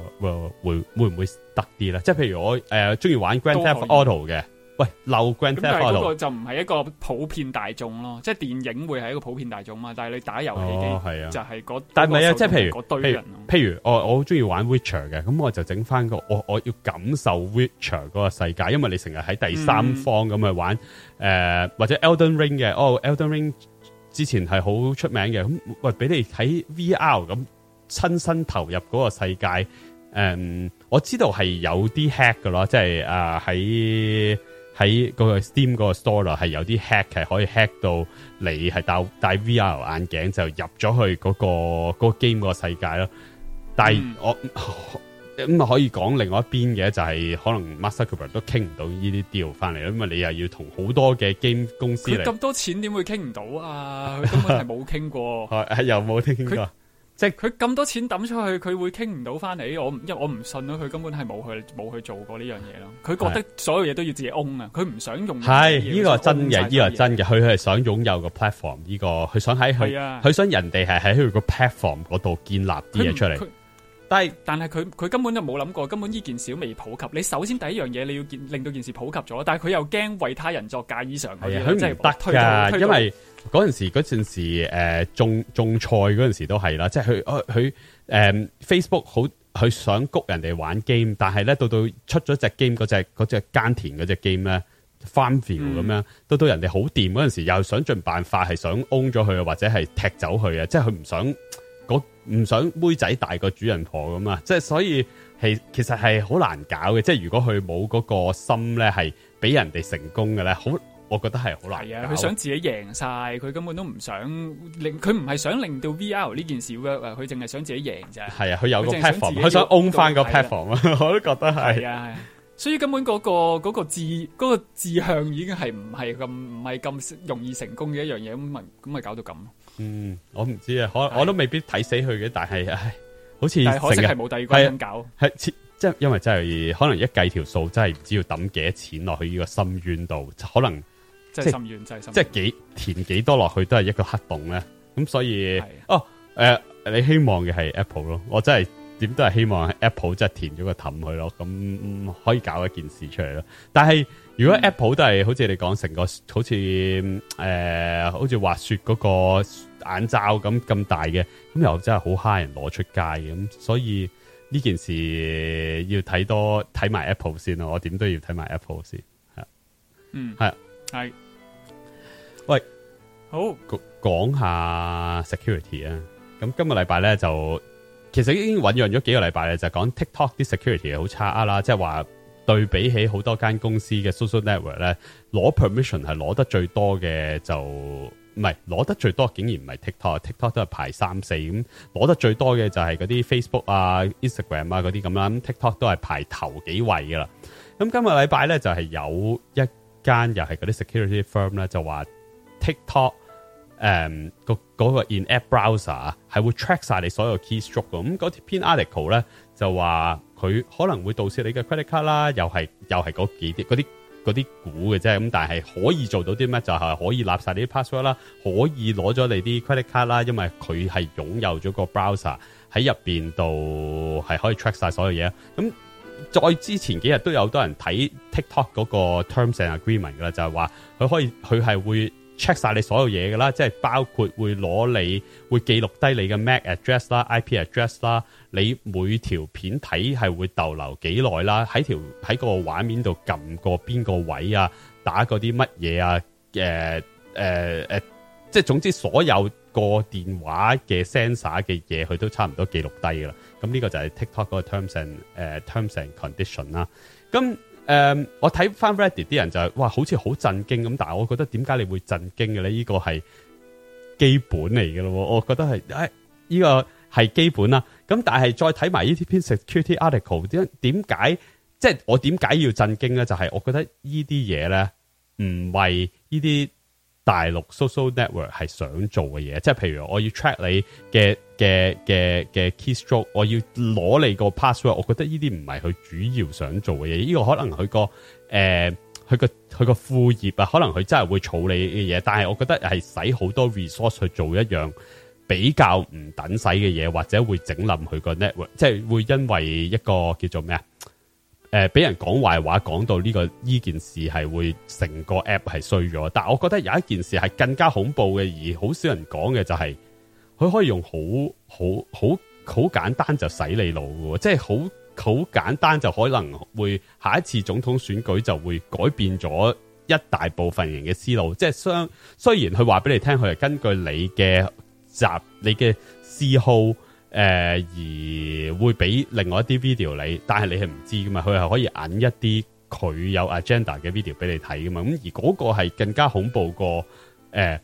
會會唔會特啲咧？即係譬如我誒中意玩 Grand Theft Auto 嘅，喂，漏 Grand Theft Auto 就唔係一個普遍大眾囉。即係電影會係一個普遍大眾嘛，但係你打遊戲機、哦啊、就係、是、嗰、那個，但係唔係啊？即係譬如嗰堆人、啊，譬如，譬如我好中意玩 Witcher 嘅，咁我就整返個我，我要感受 Witcher 嗰個世界，因為你成日喺第三方咁去玩、嗯呃、或者 Elden Ring 嘅哦，Elden Ring 之前係好出名嘅，咁喂俾你睇 VR 咁。親身投入嗰個世界，誒，我知道係有啲 hack 噶咯，即係誒喺喺嗰個 Steam 嗰個 store 啦，係有啲 hack 係可以 hack 到你係戴戴 VR 眼鏡就入咗去嗰個嗰個 game 個世界咯。但係我咁啊可以講另外一邊嘅就係可能 Mark Zuckerberg 都傾唔到呢啲 deal 翻嚟咯，咁啊你又要同好多嘅 game 公司嚟咁多錢，點會傾唔到啊？佢根本係冇傾過，又冇傾過。即係佢咁多錢抌出去，佢會傾唔到翻嚟。我因為我唔信咯。佢根本係冇去，冇去做過呢樣嘢咯。佢覺得所有嘢都要自己 own 啊。佢唔想用係呢個係真嘅，呢個係真嘅。佢係想擁有個 platform，呢個佢想喺佢，佢、啊、想人哋係喺佢個 platform 嗰度建立啲嘢出嚟。但係但係佢佢根本就冇諗過，根本呢件事未普及。你首先第一樣嘢你要見令到件事普及咗，但係佢又驚為他人作嫁衣裳嘅，即佢唔得噶。因為嗰陣時嗰陣時誒種種菜嗰陣時都係啦，即係佢佢誒 Facebook 好，佢想谷人哋玩 game，但係咧到到出咗隻 game 嗰隻隻耕田嗰隻 game 咧 Farmville 咁樣，到、嗯、到人哋好掂嗰陣時，又想盡辦法係想 own 咗佢啊，或者係踢走佢啊，即係佢唔想。唔想妹仔大個主人婆咁啊！即係所以係其實係好難搞嘅。即係如果佢冇嗰個心咧，係俾人哋成功嘅咧，好，我覺得係好難。係啊，佢想自己贏晒，佢根本都唔想令，佢唔係想令到 VR 呢件事 work，佢淨係想自己贏咋。係啊，佢有個 platform，佢想 own 翻個 platform，我都覺得係。係啊，所以根本嗰個嗰個志嗰個志向已經係唔係咁唔係咁容易成功嘅一樣嘢，咁咪咁咪搞到咁。嗯，我唔知啊，我我都未必睇死佢嘅，但係唉，好似可惜係冇第二季咁搞，係即係因為真係可能一計條數真係唔知要抌幾多錢落去呢個深淵度，可能即係深淵，即係即係幾填幾多落去都係一個黑洞咧。咁所以的哦，誒、呃，你希望嘅係 Apple 咯，我真係。點都係希望 Apple 即係填咗個氹佢咯，咁、嗯、可以搞一件事出嚟咯。但係如果 Apple 都係好似你講成個好似誒，好似、呃、滑雪嗰個眼罩咁咁大嘅，咁又真係好蝦人攞出街咁。所以呢件事要睇多睇埋 Apple 先咯。我點都要睇埋 Apple 先。係，嗯係係。喂，好講下 security 啊。咁今個禮拜咧就其實已經醞釀咗幾個禮拜咧，就講 TikTok 啲 security 好差啦，即係話對比起好多間公司嘅 social network 咧，攞 permission 係攞得最多嘅就唔係攞得最多，竟然唔係 TikTok，TikTok 都係排三四咁，攞得最多嘅就係嗰啲 Facebook 啊、Instagram 啊嗰啲咁啦，咁 TikTok 都係排頭幾位噶啦。咁今日禮拜咧就係有一間又係嗰啲 security firm 咧就話 TikTok。誒個嗰個 in-app browser 係會 track 晒你所有 key stroke。咁嗰啲篇 article 咧就話佢可能會導致你嘅 credit card 啦，又係又係嗰幾啲嗰啲嗰啲股嘅啫，咁但係可以做到啲咩？就係、是、可以立晒你啲 password 啦，可以攞咗你啲 credit card 啦，因為佢係擁有咗個 browser 喺入邊度係可以 track 晒所有嘢。咁再之前幾日都有多人睇 TikTok 嗰個 terms and agreement 㗎啦，就係話佢可以佢係會。Check 晒你所有嘢噶啦，即係包括會攞你會記錄低你嘅 Mac address 啦、IP address 啦，你每條片睇係會逗留幾耐啦，喺條喺個畫面度撳過邊個位啊，打過啲乜嘢啊，誒、呃、誒、呃呃、即係總之所有個電話嘅 sensor 嘅嘢，佢都差唔多記錄低噶啦。咁呢個就係 TikTok 嗰 terms and、呃、terms and condition 啦。咁、嗯誒，um，我睇翻 Reddit 啲人就係，哇，好似好震驚咁。但係我覺得點解你會震驚嘅咧？呢個係基本嚟嘅咯，我覺得係誒呢個係基本啦。咁但係再睇埋呢篇 security article，點點解即係我點解要震驚咧？就係我覺得呢啲嘢咧，唔為呢啲大陸 social network 係想做嘅嘢。即係譬如我要 track 你嘅。嘅嘅嘅 key stroke，我要攞你個 password，我覺得呢啲唔係佢主要想做嘅嘢，呢、這個可能佢個誒佢個佢個副業啊，可能佢真係會儲你嘅嘢，但係我覺得係使好多 resource 去做一樣比較唔等使嘅嘢，或者會整冧佢個 network，即係會因為一個叫做咩啊，誒、呃、俾人講壞話講到呢、這個呢件事係會成個 app 係衰咗，但係我覺得有一件事係更加恐怖嘅，而好少人講嘅就係、是。佢可以用好好好好簡單就洗你腦嘅喎，即係好好簡單就可能會下一次總統選舉就會改變咗一大部分人嘅思路。即係雖雖然佢話俾你聽，佢係根據你嘅集、你嘅嗜好，誒、呃、而會俾另外一啲 video 你，但係你係唔知噶嘛，佢係可以揞一啲佢有 agenda 嘅 video 俾你睇噶嘛。咁而嗰個係更加恐怖過誒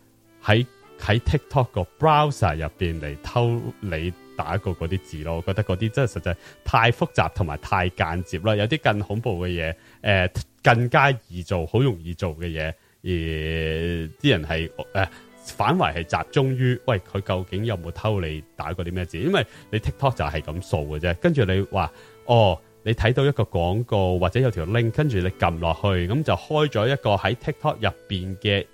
喺。呃喺 TikTok 個 browser 入邊嚟偷你打過嗰啲字咯，我覺得嗰啲真係實在太複雜同埋太間接啦。有啲更恐怖嘅嘢，誒、呃、更加易做好容易做嘅嘢，而啲人係誒、呃、反為係集中於喂佢究竟有冇偷你打過啲咩字？因為你 TikTok 就係咁掃嘅啫。跟住你話哦，你睇到一個廣告或者有條 link，跟住你撳落去，咁就開咗一個喺 TikTok 入邊嘅。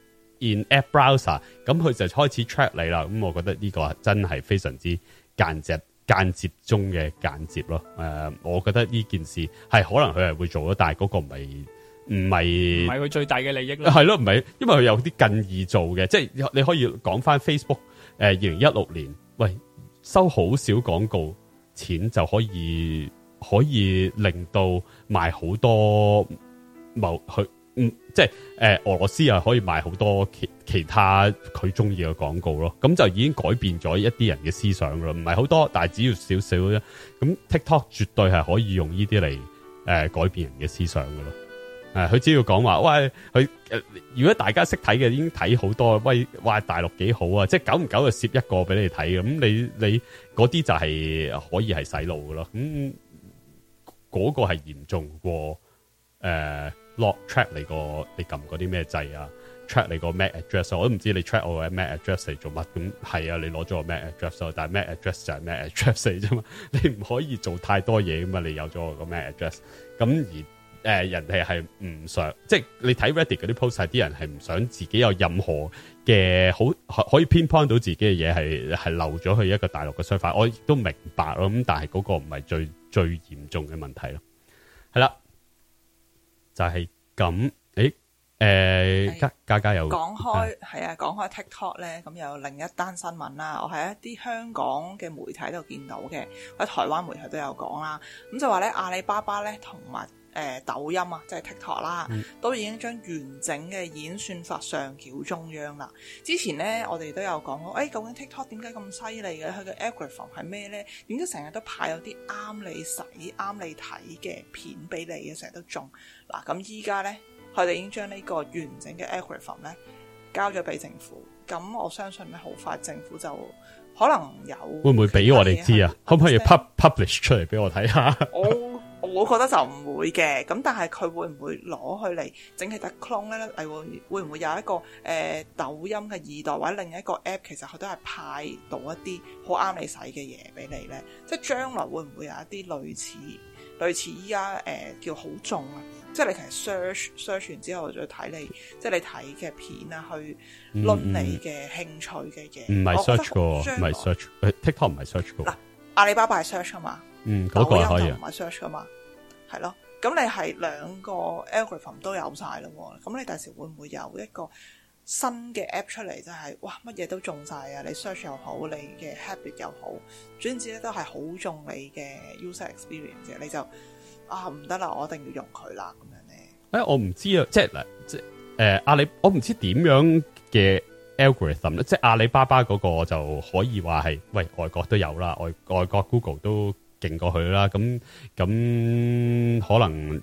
In App Browser，咁佢就開始 track 你啦。咁我覺得呢個真係非常之間接、間接中嘅間接咯。誒、呃，我覺得呢件事係可能佢係會做咯，但係嗰個唔係唔係，唔係佢最大嘅利益咯。係咯，唔係，因為佢有啲更易做嘅，即係你可以講翻 Facebook、呃。誒，二零一六年，喂，收好少廣告錢就可以可以令到賣好多某去。嗯，即係誒、呃，俄羅斯又可以賣好多其其他佢中意嘅廣告咯。咁就已經改變咗一啲人嘅思想喇。唔係好多，但係只要少少啫。咁 TikTok 絕對係可以用呢啲嚟誒改變人嘅思想噶咯。誒、呃，佢只要講話喂，佢、呃、如果大家識睇嘅，已經睇好多。喂喂，大陸幾好啊？即係久唔久就攝一個俾你睇咁，你你嗰啲就係可以係洗腦噶咯。咁嗰、嗰個係嚴重過誒。呃落 track 你個你撳嗰啲咩掣啊？track 你個 mac address 我都唔知你 track 我嘅 mac address 嚟做乜？咁、嗯、係啊，你攞咗個 mac address，但係 mac address 就係 mac address 啫嘛，你唔可以做太多嘢噶嘛。你有咗我個 mac address，咁、嗯、而誒、呃，人哋係唔想，即係你睇 Reddit 嗰啲 post，啲人係唔想自己有任何嘅好可以 pinpoint 到自己嘅嘢，係係漏咗去一個大陸嘅 server 我亦都明白咯，咁但係嗰個唔係最最嚴重嘅問題咯，係、嗯、啦。就係、是、咁，誒、嗯，誒、欸欸欸，加加加又講開，係、欸、啊，講開 TikTok 咧，咁有另一單新聞啦。我喺一啲香港嘅媒體度見到嘅，喺台灣媒體都有講啦。咁就話咧，阿里巴巴咧同埋誒抖音啊，即、就、係、是、TikTok 啦、嗯，都已經將完整嘅演算法上繳中央啦。之前咧，我哋都有講過，誒、哎，究竟 TikTok 點解咁犀利嘅？佢嘅 algorithm 係咩咧？點解成日都派有啲啱你使、啱你睇嘅片俾你嘅？成日都中。嗱，咁依家咧，佢哋已經將呢個完整嘅 algorithm 咧交咗俾政府，咁我相信咧，好快政府就可能有會唔會俾我哋知啊？可唔可以 pub publish 出嚟俾我睇下？ 我我覺得就唔會嘅，咁但係佢會唔會攞去嚟整起得 clone 咧？係會唔會，會有一個誒、呃、抖音嘅二代或者另一個 app，其實佢都係派到一啲好啱你使嘅嘢俾你咧？即係將來會唔會有一啲類似？類似依家誒叫好重啊，即係你其實 search search 完之後再睇你，即係你睇嘅片啊，去論你嘅興趣嘅嘢。唔係 search 過，唔係 search，TikTok 唔係 search 過，過、嗯啊。阿里巴巴係 search 啊嘛？嗯，嗰、嗰個可以啊，唔係 search 啊嘛？係、嗯、咯，咁、那個、你係兩個 algorithm 都有晒喎，咁你第時會唔會有一個？新嘅 app 出嚟真係，哇！乜嘢都中晒啊！你 search 又好，你嘅 habit 又好，總之咧都係好中你嘅 user experience。你就啊唔得啦，我一定要用佢啦咁樣咧、欸。我唔知啊，即係嗱，即、呃、係阿里，我唔知點樣嘅 algorithm 咧，即係阿里巴巴嗰個就可以話係，喂外國都有啦，外外國 Google 都勁過佢啦，咁咁可能。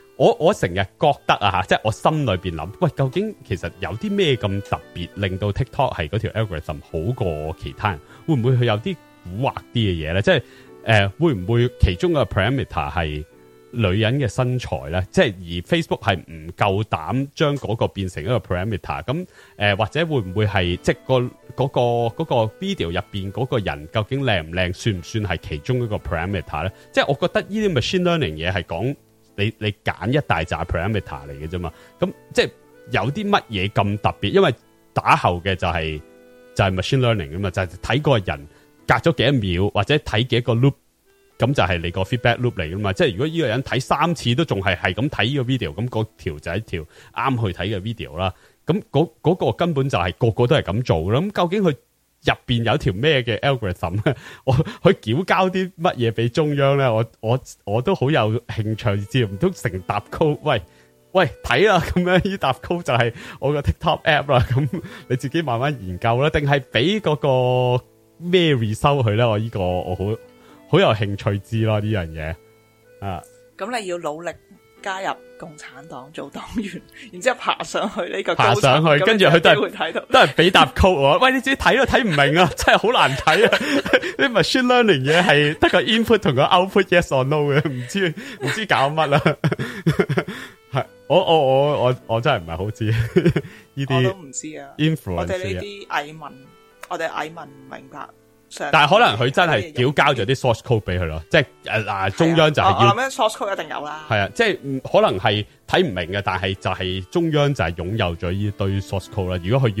我我成日覺得啊，啊，即係我心裏面諗，喂，究竟其實有啲咩咁特別，令到 TikTok 係嗰條 algorithm 好過其他人，會唔會佢有啲蠱惑啲嘅嘢咧？即係誒、呃，會唔會其中個 parameter 係女人嘅身材咧？即係而 Facebook 係唔夠膽將嗰個變成一個 parameter 咁、呃、或者會唔會係即個嗰、嗰個嗰、嗰個、video 入面嗰個人究竟靚唔靚，算唔算係其中一個 parameter 咧？即係我覺得呢啲 machine learning 嘢係講。你你揀一大紮 parameter 嚟嘅啫嘛，咁即係有啲乜嘢咁特別？因為打後嘅就係、就係、machine learning 㗎嘛，就係睇個人隔咗幾多秒或者睇幾個 loop，咁就係你個 feedback loop 嚟噶嘛。即係如果呢個人睇三次都仲係係咁睇呢個 video，咁、嗰條就係條啱去睇嘅 video 啦。咁、那、嗰個根本就係個個都係咁做啦。咁究竟佢？入邊有條咩嘅 algorithm， 我佢繳交啲乜嘢俾中央咧，我我我都好有興趣知，唔通成答 call。喂喂，睇啦，咁樣呢答 call 就係我個 TikTok app 啦，咁你自己慢慢研究啦。定係俾嗰個 Mary 收佢咧？我呢、這個我好好有興趣知啦呢樣嘢啊。咁你要努力。加入共產黨做黨員，然之後爬上去呢個，爬上去跟住佢都係睇到，都係俾答 c 我。喂，你自己睇都睇唔明啊， 真係好難睇啊！呢 machine learning 嘢係得個 input 同個 output yes or no 嘅，唔知唔 知搞乜啦。係 我我我我我真係唔係好知呢啲、 啊， 我都唔知啊。我哋呢啲蟻民，我哋蟻民唔明白。但係可能佢真係繳交咗啲 source code 俾佢咯，即係誒嗱，中央就係要、啊啊我啊、咁樣 source code 一定有啦。係啊，即係可能係睇唔明嘅，但係就係中央就係擁有咗呢堆 source code 啦。如果佢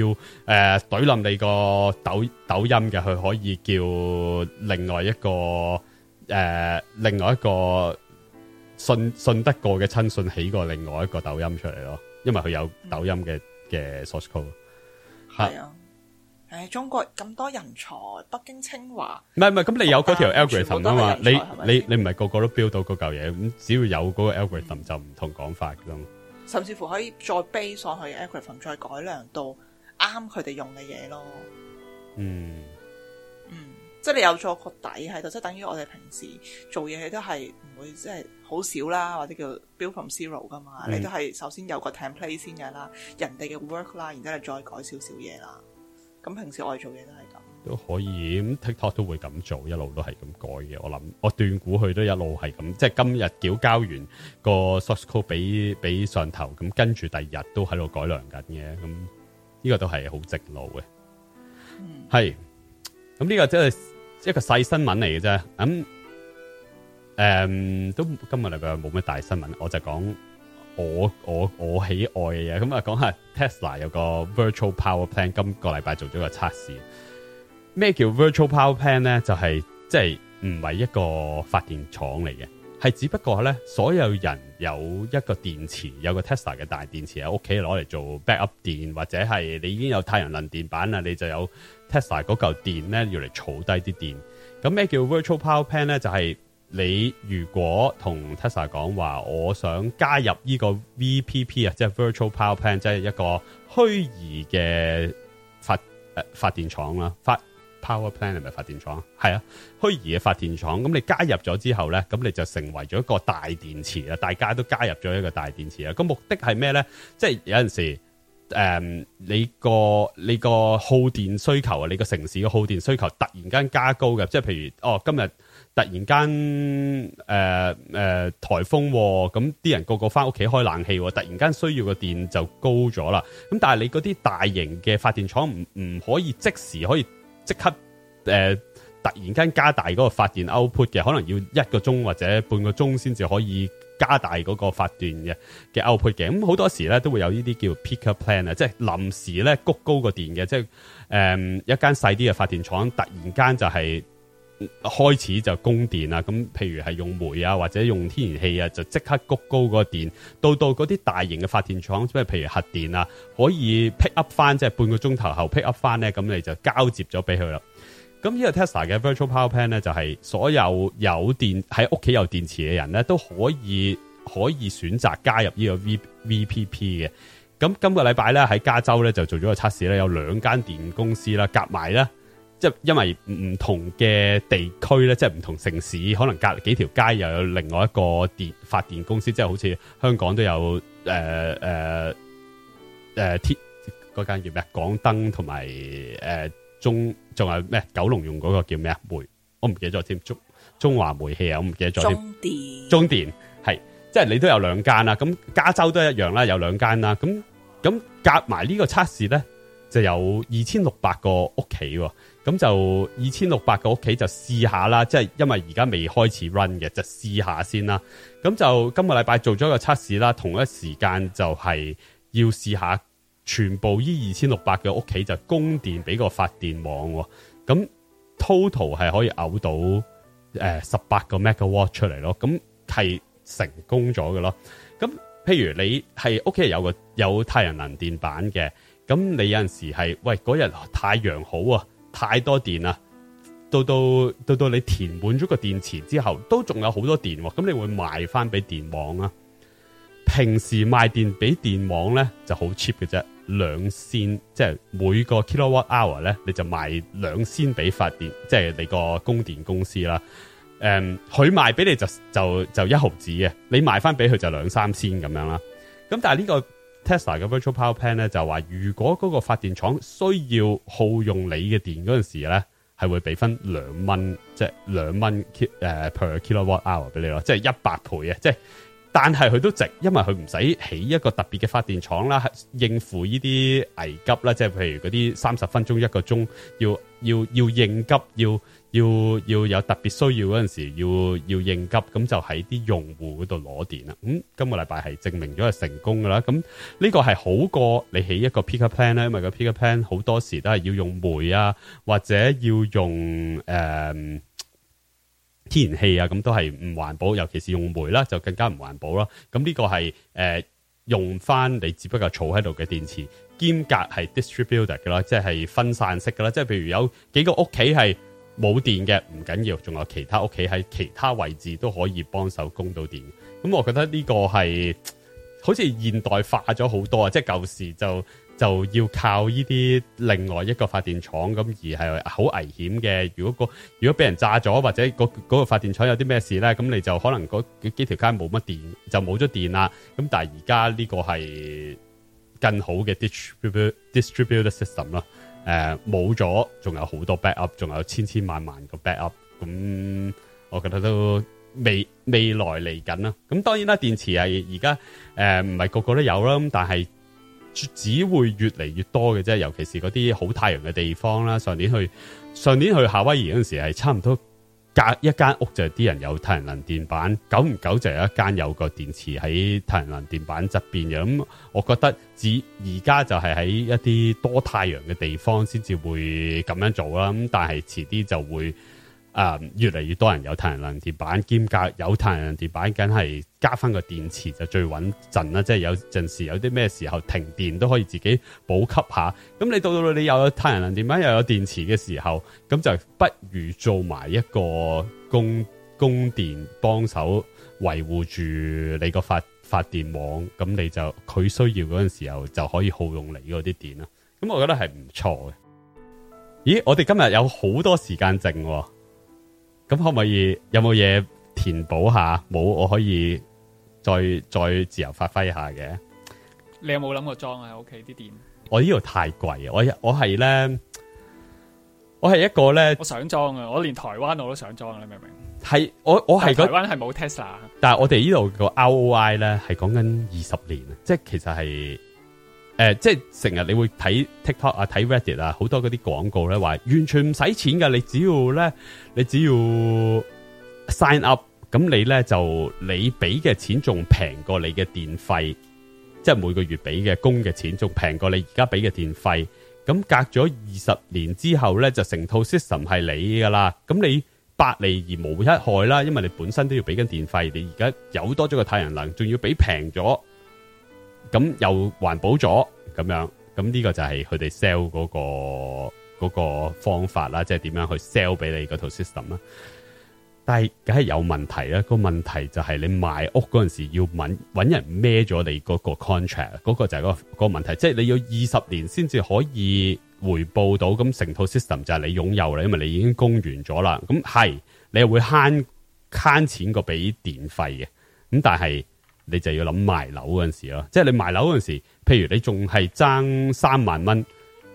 要誒懟冧你個抖抖音嘅，佢可以叫另外一個誒、呃、另外一個信信得過嘅親信起個另外一個抖音出嚟咯，因為佢有抖音嘅嘅、嗯、source code。係啊。誒、哎，中國咁多人才，北京清華，唔係唔係，咁你有嗰條 algorithm 啊嘛？你你你唔係個個都 build 到嗰嚿嘢，咁只要有嗰個 algorithm、嗯、就唔同講法噶咯。甚至乎可以再 base 上去 algorithm，再改良到啱佢哋用嘅嘢咯。嗯，嗯，即係你有咗個底喺度，即係等於我哋平時做嘢都係唔會即係好少啦，或者叫 build from zero 噶嘛、嗯。你都係首先有個 template 先嘅啦，人哋嘅 work 啦，然之後再改少少嘢啦。咁平時我哋做嘢都係咁，都可以咁 TikTok 都會咁做，一路都係咁改嘅。我諗我斷估佢都一路係咁，即係今日繳交完個 source code 俾俾上頭，咁跟住第二日都喺度改良緊嘅。咁呢個都係好直路嘅。嗯，係。咁呢個真係一個細新聞嚟嘅啫。咁、嗯、誒、嗯，都今日嚟講冇乜大新聞，我就講。我我我喜愛嘅、啊、嘢，咁啊講下 Tesla 有個 Virtual Power Plan，今個禮拜做咗個測試。咩叫 Virtual Power Plan 咧？就係即係唔係一個發電廠嚟嘅，係只不過咧，所有人有一個電池，有個 Tesla 嘅大電池喺屋企攞嚟做 backup 電，或者係你已經有太陽能電板啦，你就有 Tesla 嗰嚿電咧，要嚟儲低啲電。咁咩叫 Virtual Power Plan 咧？就係、係。你如果同 Tesla 講話我想加入呢個 VPP 啊，即係 Virtual Power Plant，即係一個虛擬嘅發誒、呃、發電廠啦。發 Power Plant 係咪發電廠？係啊，虛擬嘅發電廠。咁你加入咗之後咧，咁你就成為咗一個大電池啦。大家都加入咗一個大電池啦。個目的係咩咧？即係有陣時誒、呃，你個你個耗電需求啊，你個城市嘅耗電需求突然間加高嘅，即係譬如哦，今日。突然間誒誒台風咁、哦、啲人個個翻屋企開冷氣、哦，突然間需要個電就高咗啦。咁但係你嗰啲大型嘅發電廠唔唔可以即時可以即刻誒、呃、突然間加大嗰個發電 output 嘅，可能要一個鐘或者半個鐘先至可以加大嗰個發電嘅嘅 output 嘅。咁、嗯、好多時咧都會有 plan，呢啲叫 peaker plan 啊，即係臨時咧谷高個電嘅，即係誒一間細啲嘅發電廠突然間就係、是。開始就供電啊，咁譬如係用煤啊，或者用天然氣啊，就即刻谷高個電，到到嗰啲大型嘅發電廠，即係譬如核電啊，可以 pick up 翻，即係半個鐘頭後 pick up 翻咧，咁你就交接咗俾佢啦。咁呢個 Tesla 嘅 Virtual Power Plan 咧，就係、是、所有有電喺屋企有電池嘅人咧，都可以可以選擇加入呢個 V VPP 嘅。咁今個禮拜咧喺加州咧就做咗個測試咧，有兩間電公司啦，夾埋咧。即係因為唔同嘅地區咧，即係唔同城市，可能隔幾條街又有另外一個電發電公司，即係好似香港都有誒誒誒，嗰間叫咩？港燈同埋誒中仲有咩？九龍用嗰個叫咩？煤我唔記得咗添。中中華煤氣啊，我唔記得咗。中電中電係，即係你都有兩間啦。咁加州都一樣啦，有兩間啦。咁咁夾埋呢個測試咧，就有二千六百個屋企喎。咁就二千六百個屋企就試下啦，即係因為而家未開始 run 嘅，就試下先啦。咁就今個禮拜做咗個測試啦，同一時間就係要試下全部依二千六百嘅屋企就供電俾個發電網喎。咁 total 係可以嘔到誒十八個 mega watt 出嚟咯，咁係成功咗嘅咯。咁譬如你係屋企有個有太陽能電板嘅，咁你有陣時係喂，嗰日太陽好啊。太多電啦，到到到到你填滿咗個電池之後，都仲有好多電喎，咁你會賣翻俾電網啊？平時賣電俾電網咧就好 cheap 嘅啫，兩仙即係每個 kilowatt hour 咧，你就賣兩仙俾發電，即係你個供電公司啦。誒、嗯，佢賣俾你就就就一毫子嘅，你賣翻俾佢就兩三千咁樣啦。咁但係呢個。Tesla 嘅 Virtual Power Plan 咧就話，如果嗰個發電廠需要耗用你嘅電嗰陣時咧，係會俾分兩蚊，即係兩蚊誒 per kilowatt hour 俾你咯，即係一百倍啊！即係，但係佢都值，因為佢唔使起一個特別嘅發電廠啦，應付呢啲危急啦，即係譬如嗰啲三十分鐘一個鐘要要要應急要。要要有特別需要嗰陣時，要要應急咁就喺啲用戶嗰度攞電啦。嗯，今個禮拜係證明咗係成功噶啦。咁呢個係好過你起一個 peaker plant 咧，因為個 peaker plant 好多時都係要用煤啊，或者要用誒、呃、天然氣啊，咁都係唔環保，尤其是用煤啦，就更加唔環保啦。咁呢個係誒、呃、用翻你只不過儲喺度嘅電池，兼夾係 distributed 嘅啦，即係分散式嘅啦，即係譬如有幾個屋企係。冇電嘅唔緊要，仲有其他屋企喺其他位置都可以幫手供到電。咁我覺得呢個係好似現代化咗好多啊！即係舊時就就要靠呢啲另外一個發電廠咁而係好危險嘅。如果個如果俾人炸咗或者嗰個嗰個發電廠有啲咩事呢，咁你就可能嗰幾條街冇乜電就冇咗電啦。咁但係而家呢個係更好嘅 distributed system 啦。誒、呃，冇咗，仲有好多 backup，仲有千千萬萬個 backup，咁我覺得都未未來嚟緊啦。咁當然啦，電池係而家誒唔係個個都有啦，咁但係只會越嚟越多嘅啫，尤其是嗰啲好太陽嘅地方啦。上年去上年去夏威夷嗰陣時係差唔多。隔一間屋就係啲人有太陽能電板，久唔久就有一間有個電池喺太陽能電板側邊嘅。咁我覺得，至而家就係喺一啲多太陽嘅地方先至會咁樣做啦。咁但係遲啲就會。啊、嗯！越嚟越多人有太陽能電板兼加有太陽能電板，梗係加翻個電池就最穩陣啦。即係有陣時有啲咩時候停電都可以自己補給下。咁你到到你有太陽能電板又有電池嘅時候，咁就不如做埋一個供供電幫手，維護住你個發發電網。咁你就佢需要嗰陣時候就可以耗用你嗰啲電啦。咁我覺得係唔錯嘅。咦？我哋今日有好多時間剩、哦。咁可唔可以有冇嘢填補下？冇，我可以再再自由發揮下嘅。你有冇諗過裝喺屋企啲電，我呢度太貴啊！我我係咧，我係一個咧，我想裝啊！我連台灣我都想裝，你明唔明？係我我係台灣係冇 Tesla，但係我哋呢度個 ROI 咧係講緊二十年，即係其實係。誒、呃，即係成日你會睇 TikTok 啊，睇 Reddit 啊，好多嗰啲廣告咧，話完全唔使錢㗎。你只要咧，你只要 sign up，咁你咧就你俾嘅錢仲平過你嘅電費，即係每個月俾嘅供嘅錢仲平過你而家俾嘅電費，咁隔咗二十年之後咧，就成套 system 係你噶啦，咁你百利而無一害啦，因為你本身都要俾緊電費，你而家有多咗個太陽能，仲要俾平咗。咁又環保咗，咁樣咁呢、嗰個就係佢哋 sell 嗰個嗰個方法啦，即係點樣去 sell 俾你嗰套 system 啦。但係梗係有問題啦，嗰個問題就係你賣屋嗰陣時要揾揾人孭咗你嗰個 contract，嗰個就係嗰、嗰個問、嗰個、問題，即、就、係、是、你要二十年先至可以回報到，咁成套 system 就係、是、你擁有啦，因為你已經供完咗啦。咁係你又會慳錢過俾電費嘅，咁但係。你就要諗賣樓嗰陣時咯，即係你賣樓嗰陣時，譬如你仲係爭三萬蚊，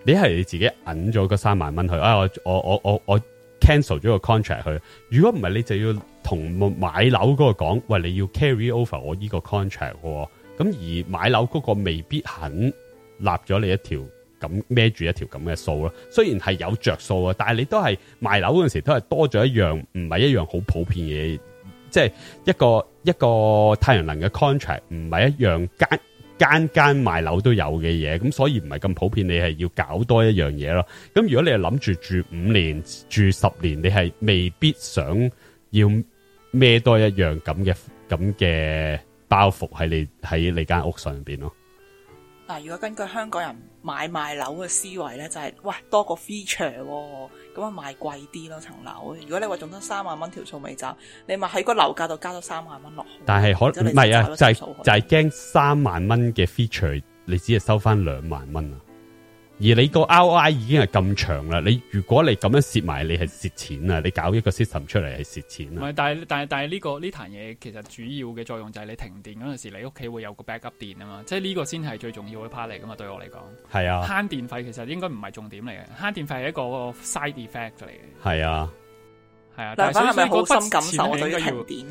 你係你自己引咗個三萬蚊去啊、哎！我我我我我 cancel 咗個 contract 去。如果唔係，你就要同買樓嗰個講，喂，你要 carry over 我呢個 contract 喎。咁而買樓嗰個未必肯立咗你一條咁孭住一條咁嘅數咯。雖然係有着數啊，但係你都係賣樓嗰陣時都係多咗一樣，唔係一樣好普遍嘢。即係一個一個太陽能嘅 contract，唔係一樣間間間賣樓都有嘅嘢，咁所以唔係咁普遍。你係要搞多一樣嘢咯。咁如果你係諗住住五年，住十年，你係未必想要孭多一樣咁嘅咁嘅包袱喺你喺你間屋上邊咯。嗱，如果根據香港人買賣樓嘅思維咧，就係、是、喂多個 feature，咁、哦、啊賣貴啲咯層樓。如果你話仲得三萬蚊條數未走，你咪喺個樓價度加咗三萬蚊落去。但係可唔係啊？就係、是、就係驚三萬蚊嘅 feature，你只係收翻兩萬蚊啊！而你個 ROI 已經係咁長啦，你如果你咁樣蝕埋，你係蝕錢啊！你搞一個 system 出嚟係蝕錢啊！唔係，但係但係但係呢個呢壇嘢其實主要嘅作用就係你停電嗰陣時，你屋企會有個 backup 電啊嘛，即係呢個先係最重要嘅 part 嚟噶嘛，對我嚟講。係啊。慳電費其實應該唔係重點嚟嘅，慳電費係一個 side effect 嚟嘅。係啊，係啊。梁生係咪好深感受應該要停電？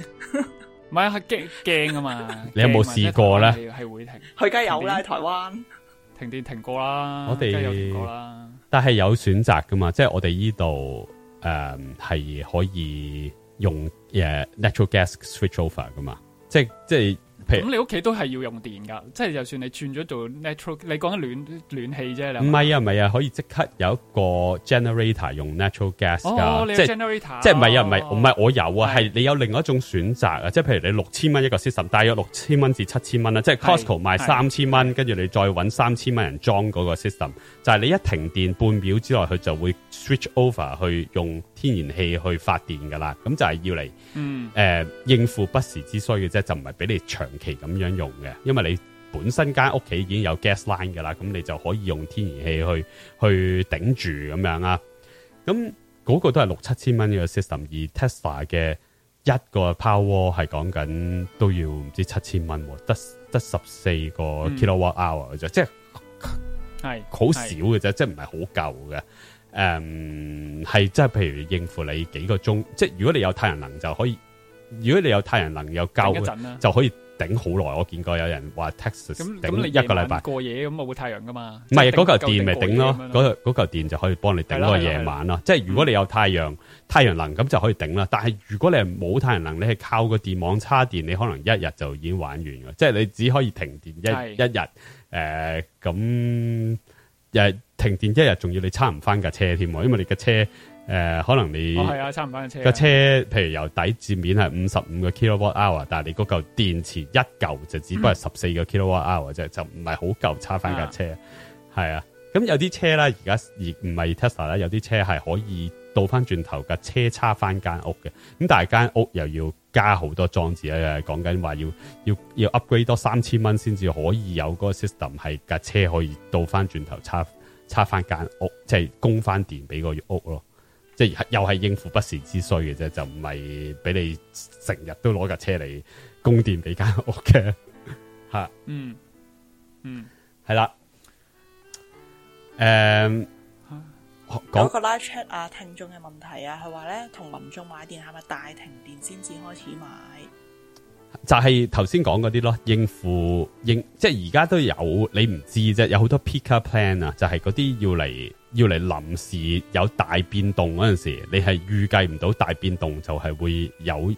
唔 係，係驚驚啊嘛！你有冇試過咧？係、就是、會停。佢梗有啦，喺台灣。停電停過啦，我哋有停過啦，但係有選擇噶嘛，即係我哋依度誒係可以用誒、yeah, natural gas switch over 噶嘛，即係即係。咁、嗯、你屋企都係要用電噶，即係就算你轉咗做 natural，你講緊暖暖氣啫。唔係啊，唔係啊，可以即刻有一個 generator 用 natural gas 噶，哦、你有 generator, 即係 generator，、哦、即係唔係啊，唔係唔係我有啊，係是你有另外一種選擇啊，即係譬如你六千蚊一個 system，大約六千蚊至七千蚊啦，即係 Costco 賣三千蚊，跟住是你再搵三千蚊人裝嗰個 system。但係、是、你一停電半秒之內，佢就會 switch over 去用天然氣去發電噶啦。咁就係要嚟誒應付不時之需嘅啫，就唔係俾你長期咁樣用嘅。因為你本身間屋企已經有 gas line 噶啦，咁你就可以用天然氣去去頂住咁樣啊。咁、那、嗰個都係六七千蚊嘅 system，而 Tesla 嘅一個 Powerwall 係講緊都要唔知七千蚊，得得十四個 kilowatt hour 就即、是、係。係好少嘅啫，即係唔係好夠嘅。誒、嗯，係即係譬如應付你幾個鐘，即係如果你有太陽能就可以。如果你有太陽能有夠就可以頂好耐。我見過有人話 Texas 頂一個禮拜，你過夜咁冇太陽噶嘛，唔係嗰嚿電咪頂咯。嗰嚿電就可以幫你頂個夜晚囉。即係如果你有太陽、嗯、太陽能咁就可以頂啦。但係如果你係冇太陽能，你係靠個電網叉電，你可能一日就已經玩完嘅。即係你只可以停電一一日。誒、呃，咁誒，停電一日仲要你差唔翻架車添，因為你嘅車誒、呃，可能你，哦係啊，差唔翻架車，個車，譬如由底至面係五十五個 kilowatt hour，但係你嗰嚿電池一嚿就只不過係十四個 kilowatt hour 啫，就唔係好夠差翻架車。係啊，咁、啊、有啲車啦，而家而唔係 Tesla 啦，有啲車係可以倒翻轉頭架車差翻間屋嘅，咁但係間屋又要。加好多裝置啊，又講緊話要要要 upgrade 多三千蚊先至可以有嗰個 system 係架車可以倒翻轉頭叉插翻間屋，即係供翻電俾個屋咯。即係又係應付不時之需嘅啫，就唔係俾你成日都攞架車嚟供電俾間屋嘅吓。嗯嗯，係啦，誒。有個 live chat 啊，聽眾嘅問題啊，佢話咧同民眾買電係咪大停電先至開始買？就係頭先講嗰啲咯，應付應即係而家都有，你唔知啫，有好多 peaker plan 啊，就係嗰啲要嚟要嚟臨時有大變動嗰陣時，你係預計唔到大變動就係會有，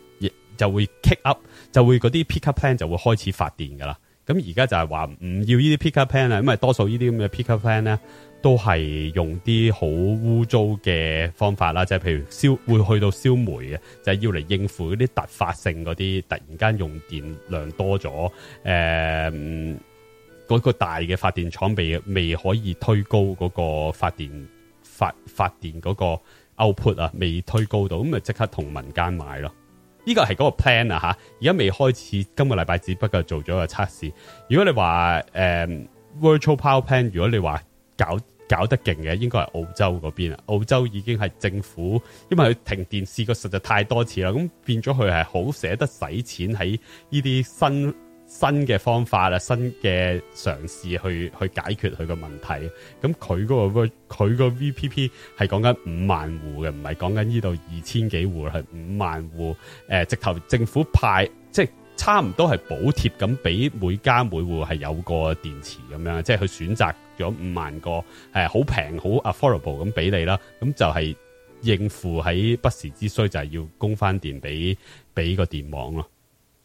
就會 kick up，就會嗰啲 peaker plan 就會開始發電噶啦。咁而家就係話唔要呢啲 peaker plan 啊，因為多數呢啲咁嘅 peaker plan 咧、啊。都係用啲好污糟嘅方法啦，即係譬如燒會去到燒煤，就係要嚟應付嗰啲突發性嗰啲突然間用電量多咗，誒，嗰個大嘅發電廠未未可以推高嗰個發電發發電嗰個 output 啊，未推高到，咁咪即刻同民間買咯。呢個係嗰個 plan 啊，吓，而家未開始，今個禮拜只不過做咗個測試。如果你話誒 virtual power plan，如果你話，搞搞得勁嘅，應該係澳洲嗰邊啊！澳洲已經係政府，因為佢停電試過，實在太多次啦，咁變咗佢係好捨得使錢喺呢啲新新嘅方法啊，新嘅嘗試去去解決佢個問題。咁佢、嗰個佢個 VPP 係講緊五萬戶嘅，唔係講緊呢度二千幾戶，係五萬戶誒、呃，直頭政府派即係差唔多係補貼咁，俾每家每戶係有個電池咁樣，即係去選擇。咗五萬個，誒、呃，好平，好 affordable 咁俾你啦，咁就係應付喺不時之需，就係要供翻電俾俾個電網咯。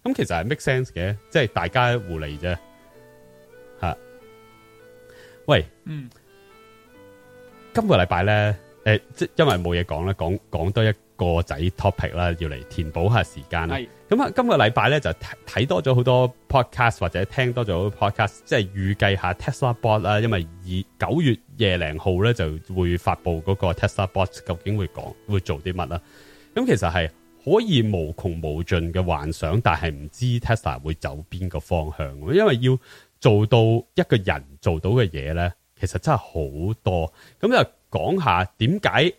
咁其實係 make sense 嘅，即係大家互利啫。吓、啊，喂，嗯，今個禮拜咧，誒、欸，即因為冇嘢講啦，講講多一個仔 topic 啦，要嚟填補下時間啦。咁啊，今個禮拜咧就睇多咗好多 podcast，或者聽多咗好多 podcast，即係預計下 Tesla Bot 啦。因為二九月三十號咧就會發佈嗰個 Tesla Bot，究竟會講會做啲乜啦？咁其實係可以無窮無盡嘅幻想，但係唔知 Tesla 會走邊個方向。因為要做到一個人做到嘅嘢咧，其實真係好多。咁就講下點解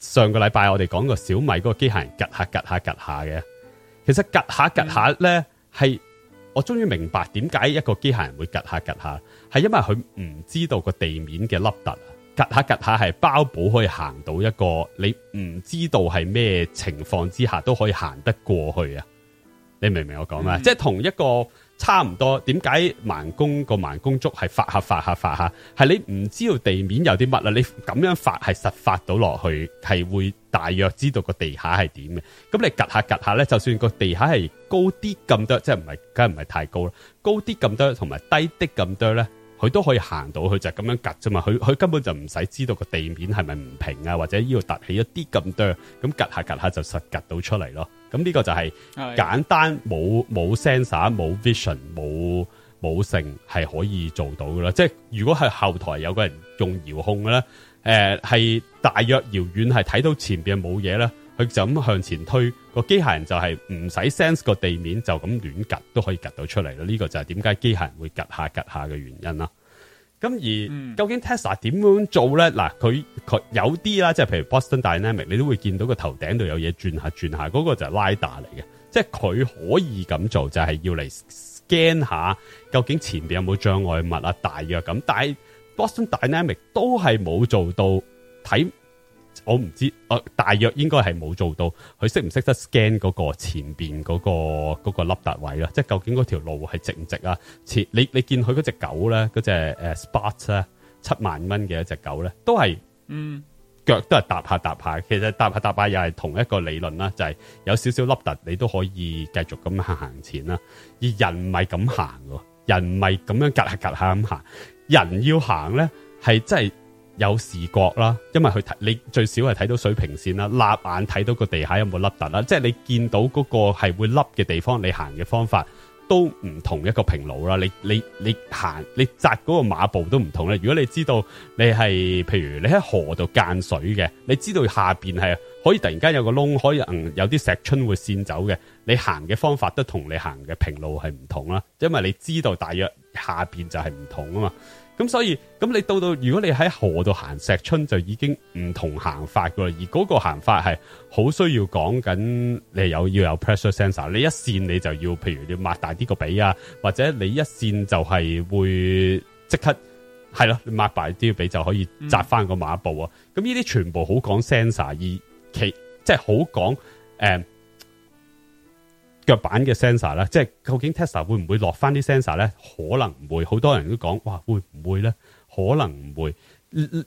上個禮拜我哋講過小米嗰個機械人趕下趕下趕下，吉下吉下吉下嘅。其實趷下趷下咧，係、嗯、我終於明白點解一個機械人會趷下趷下，係因為佢唔知道個地面嘅凹凸，趷下趷下係包保可以行到一個你唔知道係咩情況之下都可以行得過去啊！你明唔明我講咩？即、嗯、係、就是、同一個。差唔多，點解盲公個盲公竹係發下發下發下？係你唔知道地面有啲乜啦，你咁樣發係實發到落去，係會大約知道個地下係點嘅。咁你趌下趌下咧，就算個地下係高啲咁多，即係唔係梗係唔係太高啦？高啲咁多同埋低啲咁多咧，佢都可以行到去就係咁樣趌啫嘛。佢佢根本就唔使知道個地面係咪唔平啊，或者呢度凸起一啲咁多，咁趌下趌下就實趌到出嚟咯。咁、嗯、呢、呢個就係簡單，冇冇 sensor 冇 vision、冇、冇 vision、冇冇性，係可以做到噶啦。即係如果係後台有個人用遙控嘅咧，誒、呃、係大約遙遠係睇到前邊冇嘢咧，佢就咁向前推個機械人就，就係唔使 sense 個地面就咁亂趌都可以趌到出嚟啦。呢、呢個就係點解機械人會趌下趌下嘅原因啦。咁、嗯、而究竟 Tesla 點樣做咧？嗱，佢佢有啲啦，即係譬如 Boston Dynamic，你都會見到個頭頂度有嘢轉下轉下，嗰、那個就係 Lidar 嚟嘅，即係佢可以咁做，就係、是、要嚟 scan 下究竟前邊有冇障礙物啊、大約咁。但係 Boston Dynamic 都係冇做到睇。我唔知、呃，大約應該係冇做到。佢識唔識得 scan 嗰個前邊嗰、嗰個嗰、嗰個凹凸位啦？即係究竟嗰條路係值唔值啊？前，你你見佢嗰隻狗咧，嗰隻誒 Spot 咧，七萬蚊嘅一隻狗咧，都係，嗯，腳都係踏下踏下。其實踏下踏下又係同一個理論啦，就係、是、有少少凹凸，你都可以繼續咁行前啦。而人唔係咁行喎，人唔係咁樣夾下夾下咁行。人要行咧，係真係。有視覺啦，因為佢睇你最少係睇到水平線啦，立眼睇到個地下有冇凹凸啦，即係你見到嗰個係會凹嘅地方，你行嘅方法都唔同一個平路啦。你你你行你紮嗰個馬步都唔同啦。如果你知道你係譬如你喺河度間水嘅，你知道下邊係可以突然間有個窿，可能有啲石春會跣走嘅，你行嘅方法都同你行嘅平路係唔同啦，因為你知道大約下邊就係唔同啊嘛。咁所以，咁你到到，如果你喺河度行石春，就已經唔同行法噶啦，而嗰個行法係好需要講緊，你有要有 pressure sensor，你一線你就要，譬如要擘大啲個髀啊，或者你一線就係會即刻係咯，你擘大啲個髀就可以扎翻個馬步啊，咁呢啲全部好講 sensor，而其即係好講誒。呃腳板嘅 sensor 啦，即係究竟 Tesla 會唔會落翻啲 sensor 咧？可能唔會，好多人都講哇，會唔會咧？可能唔會。亦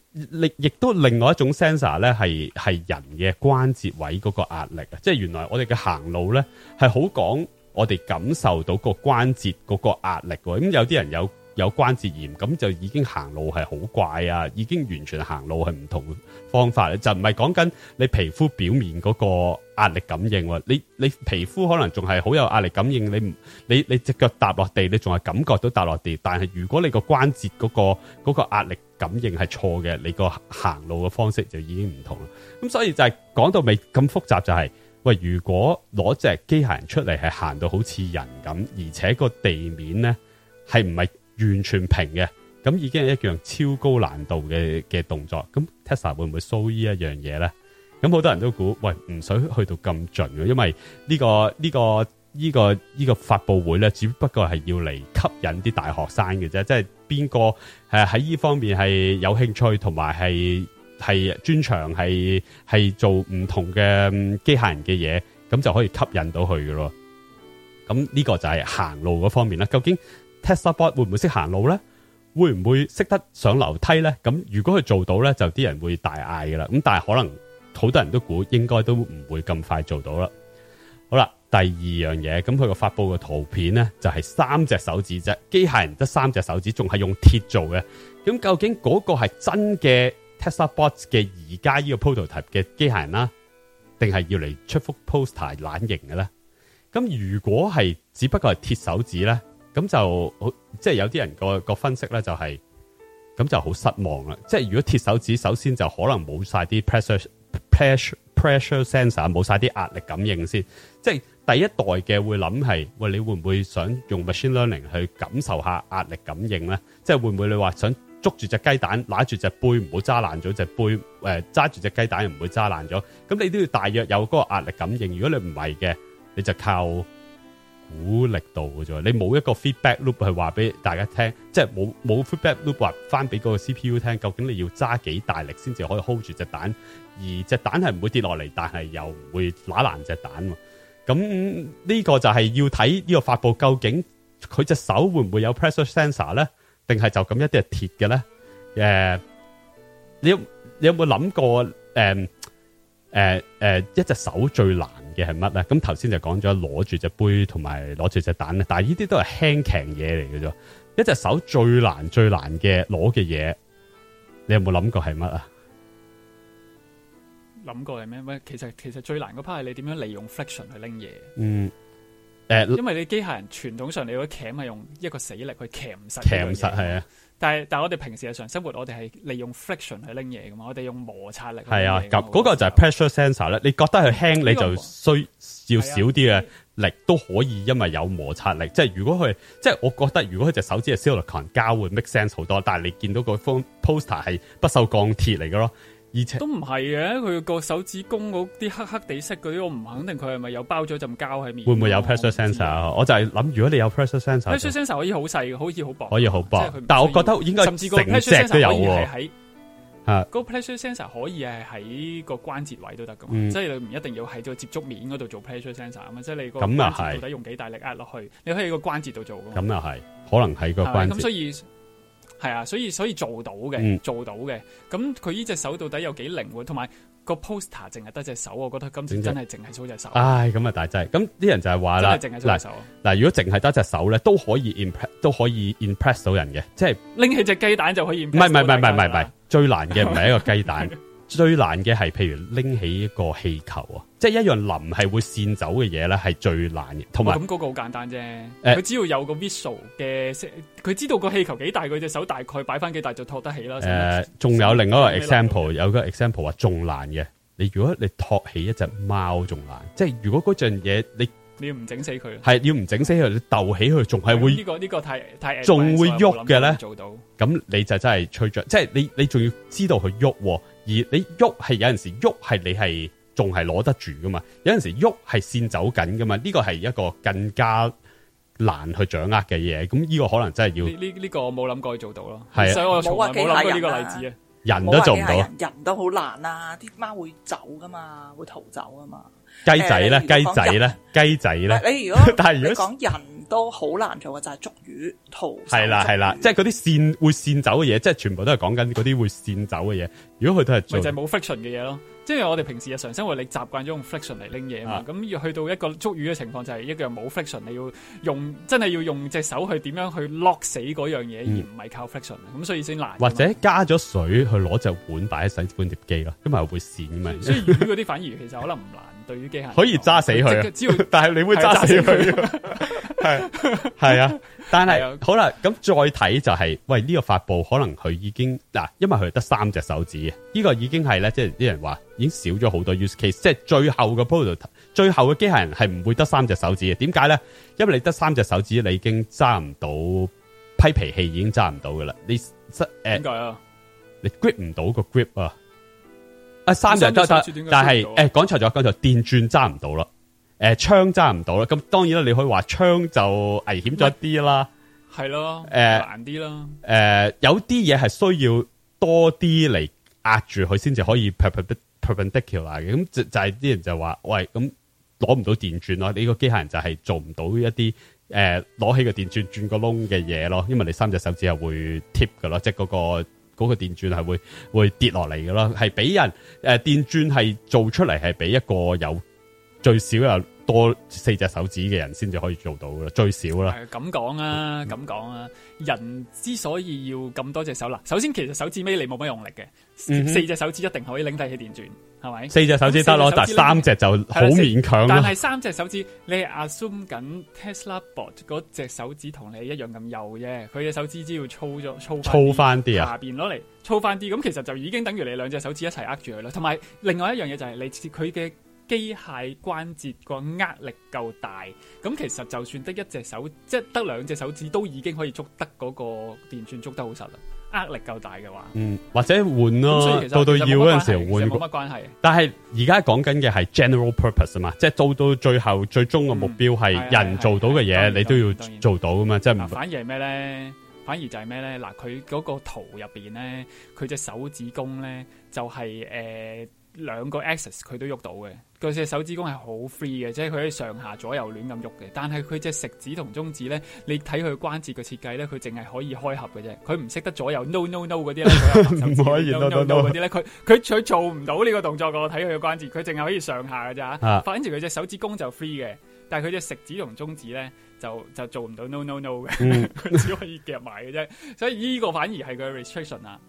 亦都另外一種 sensor 咧，係係人嘅關節位嗰個壓力啊！即係原來我哋嘅行路咧，係好講我哋感受到個關節嗰個壓力。咁有啲人有有關節炎，咁就已經行路係好怪啊，已經完全行路係唔同方法咧，就唔係講緊你皮膚表面嗰個。壓力感應，你你皮膚可能仲係好有壓力感應，你唔你你隻腳踏落地，你仲係感覺到踏落地。但係如果你關節，那個關節嗰個嗰個壓力感應係錯嘅，你個行路嘅方式就已經唔同啦。咁所以就係、是、講到尾咁複雜、就是，就係喂，如果攞隻機械人出嚟係行到好似人咁，而且個地面呢係唔係完全平嘅，咁已經係一樣超高難度嘅嘅動作。咁 Tesla 會唔會 show 呢一樣嘢呢？咁好多人都估喂，唔使去到咁盡嘅，因為呢個呢個呢個呢個發佈會咧，只不過係要嚟吸引啲大學生嘅啫。即係邊個誒喺呢方面係有興趣同埋係係專長係係做唔同嘅機械人嘅嘢，咁就可以吸引到佢嘅咯。咁呢個就係行路嗰方面啦。究竟 Tesla Bot 會唔會識行路咧？會唔會識得上樓梯咧？咁如果佢做到咧，就啲人會大嗌噶啦。咁但係可能。好多人都估，應該都唔會咁快做到啦。好啦，第二樣嘢，咁佢個發佈嘅圖片咧，就係、是、三隻手指啫，機械人得三隻手指，仲係用鐵做嘅。咁究竟嗰個係真嘅 Tesla Bot 嘅，而家呢個 prototype 嘅機械人啦，定係要嚟出幅 poster 懶型嘅咧？咁如果係只不過係鐵手指咧，咁就好、就是，即係有啲人個個分析咧，就係咁就好失望啦。即係如果鐵手指，首先就可能冇晒啲 pressure。pressure pressure sensor 冇晒啲壓力感應先，即係第一代嘅會諗係，喂，你會唔會想用 machine learning 去感受下壓力感應咧？即係會唔會你話想捉住隻雞蛋，拿住隻杯唔好揸爛咗隻杯，誒，揸住、呃、隻雞蛋又唔會揸爛咗？咁你都要大約有嗰個壓力感應。如果你唔係嘅，你就靠鼓力度㗎啫。你冇一個 feedback loop 去話俾大家聽，即係冇冇 feedback loop 話翻俾嗰個 CPU 聽，究竟你要揸幾大力先至可以 hold 住隻蛋？而隻蛋係唔會跌落嚟，但係又唔會揦爛隻蛋。咁呢個就係要睇呢個發佈，究竟佢隻手會唔會有 pressure sensor 咧，定係就咁一啲係鐵嘅咧？誒、呃，你有你有冇諗過？誒誒誒，一隻手最難嘅係乜咧？咁頭先就講咗攞住隻杯同埋攞住隻蛋咧，但係呢啲都係輕秤嘢嚟嘅啫。一隻手最難最難嘅攞嘅嘢，你有冇諗過係乜啊？諗過係咩？咩？其實其實最難嗰 part 係你點樣利用 friction 去拎嘢。嗯，誒，因為你機械人傳統上你個鉗係用一個死力去鉗實，鉗實係啊。但係但係我哋平時日常生活我哋係利用 friction 去拎嘢噶嘛我哋用摩擦力。係啊，嗰個就係 pressure sensor 咧。你覺得佢輕，你就需要少啲嘅力都可以，因為有摩擦力。即係如果佢，即係我覺得如果佢隻手指係 silicone 交換 make sense 好多。但係你見到嗰 poster 係不鏽鋼鐵嚟噶咯。都唔係嘅，佢個手指公嗰啲黑黑地色嗰啲，我唔肯定佢係咪有包咗浸膠喺面。會唔會有 pressure sensor？我，我就係諗，如果你有 pressure sensor，pressure sensor 可以好細嘅，可以好薄，可以好薄。但係我覺得應該成隻都有喎。甚至，個 pressure sensor 可以係喺、啊、個關節位都得㗎嘛，即、嗯、係你唔一定要喺個接觸面嗰度做 pressure sensor 咁啊，即係你個關節到底用幾大力壓落去，你可以個關節度做。咁又係，可能係個關節。咁所以。係啊，所以所以做到嘅、嗯，做到嘅。咁佢呢隻手到底有幾靈活，同埋個 poster 淨係得隻手，我覺得今次真係淨係做隻手。唉，咁啊，大劑咁啲人就係話啦，淨係做隻手。嗱，如果淨係得隻手咧，都可以 impress，都可以 impress 到人嘅，即係拎起隻雞蛋就可以到人。唔係唔係唔係唔係唔係，最難嘅唔係一個雞蛋。 最難嘅係，譬如拎起一個氣球啊，即係一樣淋係會扇走嘅嘢咧，係最難嘅。同埋咁嗰個好簡單啫，佢、呃、只要有個 visual 嘅，佢知道個氣球幾大，佢隻手大概擺翻幾大就托得起啦。誒、呃，仲有另外一個 example，有個 example 話仲難嘅。你如果你托起一隻貓仲難，即係如果嗰樣嘢你你唔整死佢，係要唔整死佢，你逗起佢仲係會呢、嗯這個呢、這個太太仲會喐嘅咧。到做到咁你就真係吹着，即係你你仲要知道佢喐。而你喐係有陣時喐係你係仲係攞得住噶嘛？有陣時喐係先走緊噶嘛？呢個係一個更加難去掌握嘅嘢。咁呢個可能真係要呢，呢個我冇諗過去做到咯。係啊，所以我冇話過呢個例子人、啊，人都做唔到人，人都好難啊！啲貓會走噶嘛，會逃走㗎嘛。雞仔咧，雞仔咧，雞仔咧。你如果但係如果講人都好難做嘅就係、是、捉魚逃係啦係啦，即係嗰啲線會線走嘅嘢，即、就、係、是、全部都係講緊嗰啲會線走嘅嘢。如果佢都係，咪就係冇 friction 嘅嘢咯。即係我哋平時日常生活，你習慣用 friction 嚟拎嘢啊嘛。咁要去到一個捉魚嘅情況，就係一樣冇 friction，你要用真係要用隻手去點樣去 lock 死嗰樣嘢，嗯、而唔係靠 friction。咁所以先難。或者加咗水去攞隻碗擺喺洗碗碟機咯，因為會線噶嘛。所以魚嗰啲反而其實可能唔難。 對於機械可以揸死佢，但係你會揸死佢，係係啊， 是是 但係好啦，咁再睇就係、是、喂呢、這個發布可能佢已經嗱、啊，因為佢得三隻手指嘅，呢、這個已經係咧，即係啲人話已經少咗好多 use case，即係最後嘅 product 最後嘅機械人係唔會得三隻手指嘅，點解咧？因為你得三隻手指，你已經揸唔到批皮器，已經揸唔到噶啦，你失誒，點解啊？你 grip 唔到個 grip 啊？啊，三人得但係誒，講錯咗，講、哎、錯，電鑽揸唔到啦，誒、呃，槍揸唔到啦，咁當然啦，你可以話槍就危險咗啲啦，係咯，誒、啊啊，難啲啦，誒、呃，有啲嘢係需要多啲嚟壓住佢，先至可以 perpendicular 嘅，咁就就係、是、啲人就話，喂，咁攞唔到電鑽咯，你個機械人就係做唔到一啲誒，攞、呃、起電鑽轉個電鑽轉個窿嘅嘢咯，因為你三隻手指係會 tip 噶咯，即係嗰、那個。嗰、那個電鑽係會會跌落嚟噶啦，係俾人誒、呃、電鑽係做出嚟係俾一個有最少有多四隻手指嘅人先至可以做到噶，最少啦。咁講啊，咁講啊，人之所以要咁多隻手啦，首先其實手指尾你冇乜用力嘅、嗯，四隻手指一定可以拎得起電鑽。係咪？四隻手指得咯，但三隻就好勉強，但係三隻手指，你 assume 緊 Tesla Bot 嗰隻手指同你一樣咁幼啫，佢嘅手指只要粗咗粗，粗翻啲啊！下邊攞嚟粗翻啲，咁其實就已經等於你兩隻手指一齊握住佢啦。同埋另外一樣嘢就係、是、你佢嘅機械關節個壓力夠大，咁其實就算得一隻手，即係得兩隻手指都已經可以捉得嗰個電鑽捉得好實啦。壓力夠大嘅話，嗯，或者換咯，到到要嗰陣時換。冇乜關係。但係而家講緊嘅係 general purpose 啊嘛，即係到到最後最終嘅目標係人做到嘅嘢，你都要做到噶嘛，即係。反而係咩咧？反而就係咩咧？嗱，佢嗰個圖入邊咧，佢隻手指公咧，就係誒兩個 axis 佢都喐到嘅。佢隻手指公係好 free 嘅，即係佢可以上下左右亂咁喐嘅。但係佢隻食指同中指咧，你睇佢關節嘅設計咧，佢淨係可以開合嘅啫。佢唔識得左右 no no no 嗰啲， 可以 no no no 嗰啲咧，佢佢佢做唔到呢個動作嘅。我睇佢嘅關節，佢淨係可以上下嘅咋、啊。反而佢隻手指公就 free 嘅，但係佢隻食指同中指咧，就就做唔到 no no no 嘅，佢只可以夾埋嘅啫。所以呢個反而係佢嘅 restriction 啊。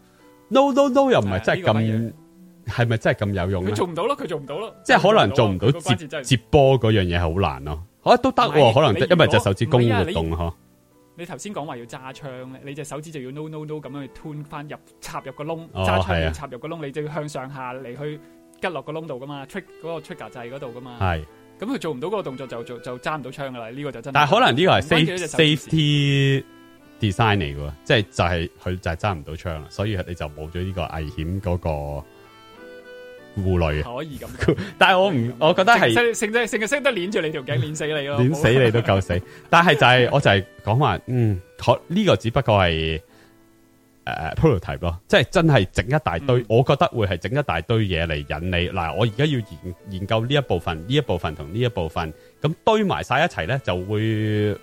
no no no 又唔係真係咁。啊這個係咪真係咁有用咧？佢做唔到咯，佢做唔到咯。即係可能做唔到接波嗰樣嘢係好難咯、啊。吓、啊、都得、啊，可能因為隻手指公活、啊、動嗬。你頭先講話要揸槍咧，你隻手指就要 no no no 咁樣去 turn 翻入插入個窿，揸槍要插入個窿，你就要向上下嚟去吉落個窿度噶嘛？出嗰個 trigger 掣嗰度噶嘛？係。咁佢做唔到嗰個動作就做就揸唔到槍噶啦。呢、呢個就真。但係可能呢個係 safety design 嚟嘅，即係就係、係、佢就係揸唔到槍，所以你就冇咗呢個危險嗰、嗰個。護累啊，可以咁，但係我唔，我覺得係成隻成隻成隻識得捻住你條頸，捻死你咯，捻死你都夠死。但係就係，我就係講話，嗯，呢個只不過係誒 prototype 咯，即係真係整一大堆，我覺得會係整一大堆嘢嚟引你。嗱，我而家要研研究呢一部分，呢一部分同呢一部分，咁堆埋晒一齊咧，就會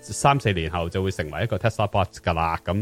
三四年後就會成為一個 Tesla Bot 噶啦。咁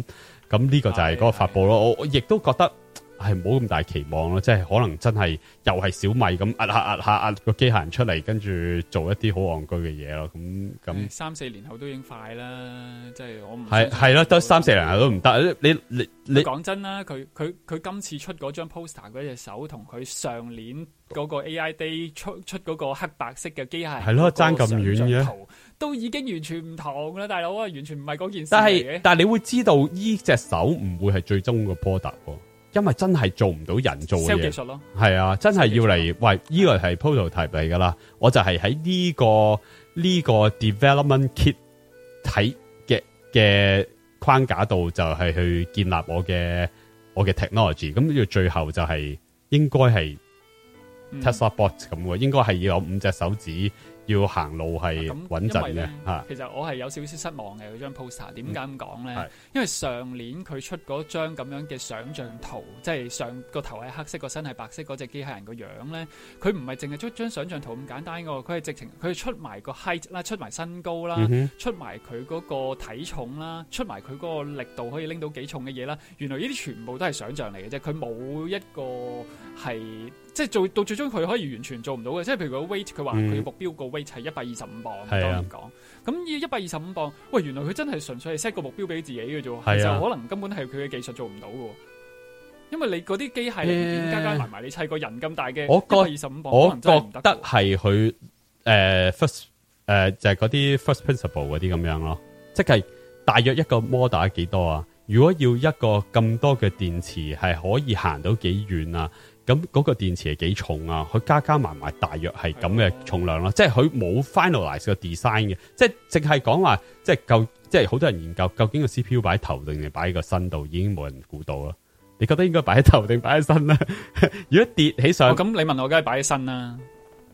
咁呢個就係嗰個發佈咯。我我亦都覺得。係唔好咁大期望咯，即係可能真係又係小米咁壓下壓下壓個機械人出嚟，跟住做一啲好戇居嘅嘢咯。咁咁三四年後都已經快啦，即係我唔係係咯，得三四年都唔得。你你你講真啦，佢佢佢今次出嗰張 poster 嗰隻手同佢上年嗰個 AI Day 出出嗰個黑白色嘅機械人係咯，爭咁遠嘅，都已經完全唔同啦，大佬啊，完全唔係嗰件事嚟嘅。但係但係你會知道呢隻手唔會係最終個 product。因為真係做唔到人做嘅嘢技術咯，係啊，真係要嚟。喂，呢、這個係 prototype 嚟噶啦，我就係喺呢個呢、這個 development kit 睇嘅嘅框架度，就係去建立我嘅我嘅 technology。咁要最後就係應該係 Tesla bot 咁喎，應該係、嗯、要有五隻手指。要行路係穩陣咧嚇、啊，其實我係有少少失望嘅。嗰、啊、張 poster，點解咁講咧？因為上年佢出嗰張咁樣嘅想像圖，即、就、係、是、上個頭係黑色，個身係白色嗰隻機械人個樣咧，佢唔係淨係出張想像圖咁簡單嘅喎，佢係直情佢出埋個 height 啦、嗯，出埋身高啦，出埋佢嗰個體重啦，出埋佢嗰個力度可以拎到幾重嘅嘢啦。原來呢啲全部都係想像嚟嘅啫，佢冇一個係。即係做到最終，佢可以完全做唔到嘅。即係譬如講 weight 佢話佢目標個 weight 係一百二十五磅。咁樣講咁要一百二十五磅，喂，原來佢真係純粹 set 個目標俾自己嘅啫。其實可能根本係佢嘅技術做唔到嘅。因為你嗰啲機械加加埋埋，你砌個人咁大嘅一百二十五磅，我覺得係佢誒 first 誒、呃、就係嗰啲 first principle 嗰啲咁樣咯。即係大約一個摩打幾多啊？如果要一個咁多嘅電池係可以行到幾遠啊？咁嗰個電池係幾重啊？佢加加埋埋大約係咁嘅重量咯，即係佢冇 finalize 個 design 嘅，即係淨係講話，即係夠，即係好多人研究究竟個 CPU 擺喺頭定定擺喺個身度，已經冇人估到啦。你覺得應該擺喺頭定擺喺身咧？ 如果跌起上，咁、哦、你問我，梗係擺喺身啦。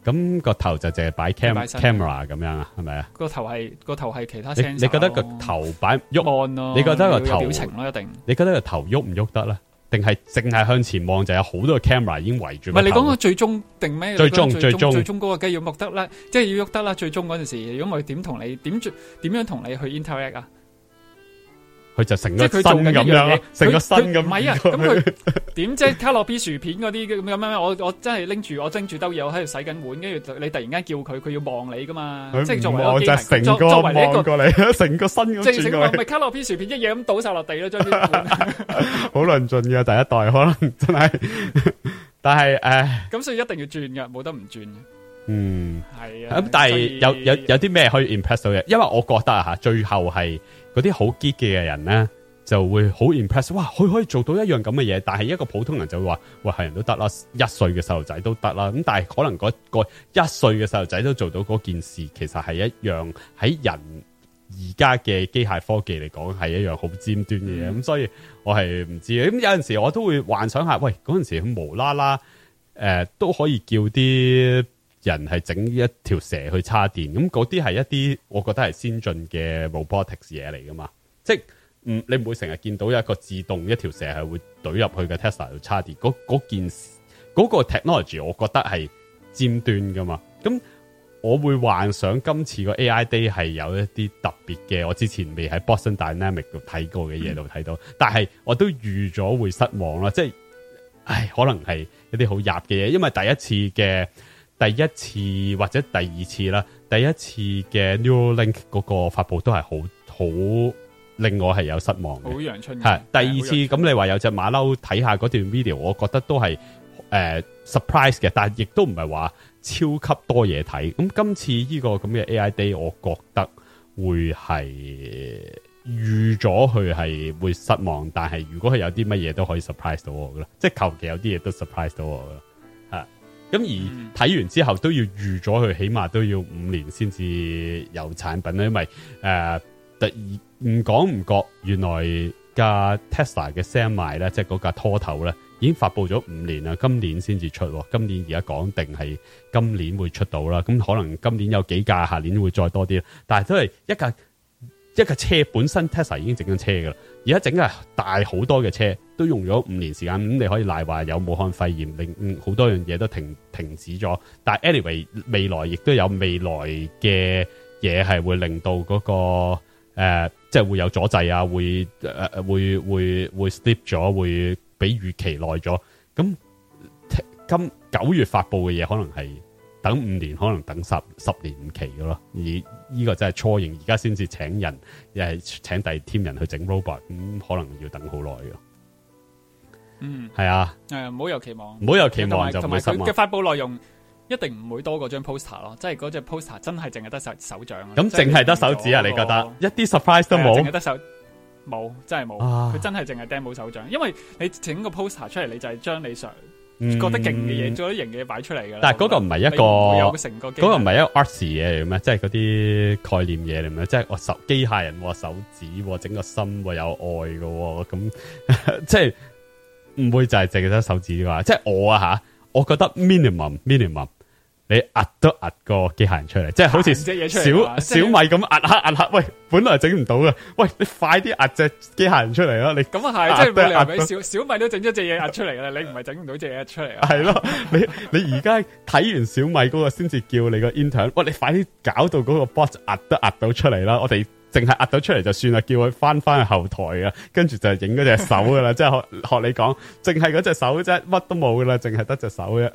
咁個頭就淨係擺 cam camera 咁樣啊？係咪啊？個頭係個頭係其他。你你覺得個頭擺喐？你覺得個頭，擺、啊、得個頭表情咯、啊，一定。你覺得個頭喐唔喐得啦定係淨係向前望，就有好多個 camera 已經圍住。唔係你講個最終定咩？最，最終、最終、最終嗰個機要喐得啦，即係要喐得啦！最終嗰陣時，如果我點同你點點樣同你去 interact 啊？佢就成咗，即係佢做緊嘢，成個身咁樣。唔係啊，咁佢點啫？卡樂 B 薯片嗰啲咁咁咩？我我真係拎住我拎住兜嘢，喺度洗緊碗，跟住你突然間叫佢，佢要望你噶嘛？即係作為一個家庭，作為你一個望過嚟，成個身咁轉過嚟。咪卡樂 B 薯片一嘢咁倒晒落地咯，將啲好論盡嘅第一代可能真係， 但係誒，咁、uh, 所以一定要轉嘅，冇得唔轉。嗯，係啊。咁但係有有有啲咩可以 impress 到嘅？因為我覺得吓，最後係。嗰啲好 geek 嘅人呢，就會好 impress，哇！佢可以做到一樣咁嘅嘢，但係一個普通人就會話，喂，係人都得啦，一歲嘅細路仔都得啦。咁但係可能嗰個一歲嘅細路仔都做到嗰件事，其實係一樣喺人而家嘅機械科技嚟講係一樣好尖端嘅嘢。咁、嗯、所以我，我係唔知。咁有陣時我都會幻想下，喂，嗰陣時無啦啦，誒、呃，都可以叫啲。人係整一條蛇去叉電，咁嗰啲係一啲我覺得係先進嘅 robotics 嘢嚟噶嘛，即係唔你唔會成日見到有一個自動一條蛇係會懟入去嘅 Tesla 度叉電，嗰嗰件嗰、嗰個 technology，我覺得係尖端噶嘛。咁我會幻想今次個 AI Day 係有一啲特別嘅，我之前未喺 Boston Dynamics 度睇過嘅嘢度睇到，嗯、但係我都預咗會失望啦，即係唉，可能係一啲好入嘅嘢，因為第一次嘅。第一次或者第二次啦，第一次嘅 Neuralink 嗰個發佈都係好好令我係有失望嘅。係第二次咁，嗯、你話有隻馬騮，睇下嗰段 video，我覺得都係誒 surprise 嘅，但係亦都唔係話超級多嘢睇。咁今次呢個咁嘅 AI Day，我覺得會係預咗佢係會失望，但係如果佢有啲乜嘢都可以 surprise 到我噶啦，即係求其有啲嘢都 surprise 到我噶啦。咁、嗯、而睇完之後都要預咗佢，起碼都要五年先至有產品啦，因為誒、呃、突然唔講唔覺，原來架 Tesla 嘅 Semi 咧，即係嗰架拖頭咧，已經發佈咗五年啦，今年先至出，今年而家講定係今年會出到啦，咁可能今年有幾架，下年會再多啲，但係都係一架。一架車本身 Tesla 已經整緊車噶啦，而家整嘅大好多嘅車都用咗五年時間，咁你可以賴話有武漢肺炎令好多樣嘢都停停止咗。但係 anyway 未來亦都有未來嘅嘢係會令到嗰、那個即係、呃就是、會有阻滯啊，會誒、呃、會會會，會 slip 咗，會比預期耐咗。咁今九月發佈嘅嘢可能係。等五年可能等十十年期嘅咯，而呢、這個真係初型，而家先至請人，又係請第二 team 人去整 robot，咁、嗯、可能要等好耐嘅。嗯，係啊，誒、嗯、唔、嗯、好有期望，唔好有期望就唔會失望。同埋佢嘅發布內容一定唔會多過張 poster 咯，即係嗰隻 poster 真係淨係得手手掌。咁淨係得手指啊？那個指啊那個、你覺得一啲 surprise 都冇？淨係得手，冇，真係冇。佢、啊、真係淨係 demo 手掌，因為你整個 poster 出嚟，你就係將你想。覺得勁嘅嘢，做、嗯、啲型嘅嘢擺出嚟噶啦。但係嗰個唔係一個，嗰個唔係、那個、一個 art 嘢嚟咩？即係嗰啲概念嘢嚟咩？即、就、係、是、我手機械人，手手指，整個心有愛嘅，咁即係唔會就係淨得手指話。即、就、係、是、我啊吓，我覺得 minimum minimum。你壓都壓個機械人出嚟，即係好似小出小，小米咁壓下壓下，喂，本來整唔到嘅，喂，你快啲壓隻機械人出嚟啦！你咁啊係，即係冇理由俾小小米都整咗隻嘢壓出嚟啦！ 你唔係整唔到隻嘢壓出嚟，係咯？你你而家睇完小米嗰個，先至叫你個 intern，喂， 你快啲搞到嗰個 bot 壓都壓到出嚟啦！我哋淨係壓到出嚟就算啦，叫佢翻翻去後台啊，跟住就影嗰 隻隻手噶啦，即係學學你講，淨係嗰隻隻手啫，乜都冇噶啦，淨係得隻手啫。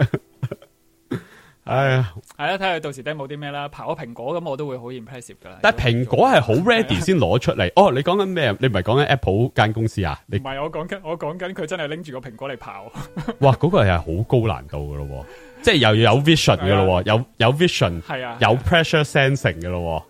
哎呀，係啦，睇佢到時掟冇啲咩啦，刨個蘋果咁我都會好 impressive 噶啦。但係蘋果係好 ready 先攞出嚟。啊、哦，你講緊咩？你唔係講緊 Apple 間公司啊？唔係，我講緊我講緊佢真係拎住個蘋果嚟刨。哇，嗰、嗰個係好高難度噶咯， 即係又要有 vision 噶咯、啊，有有 vision 係啊，有 pressure sensing 噶咯。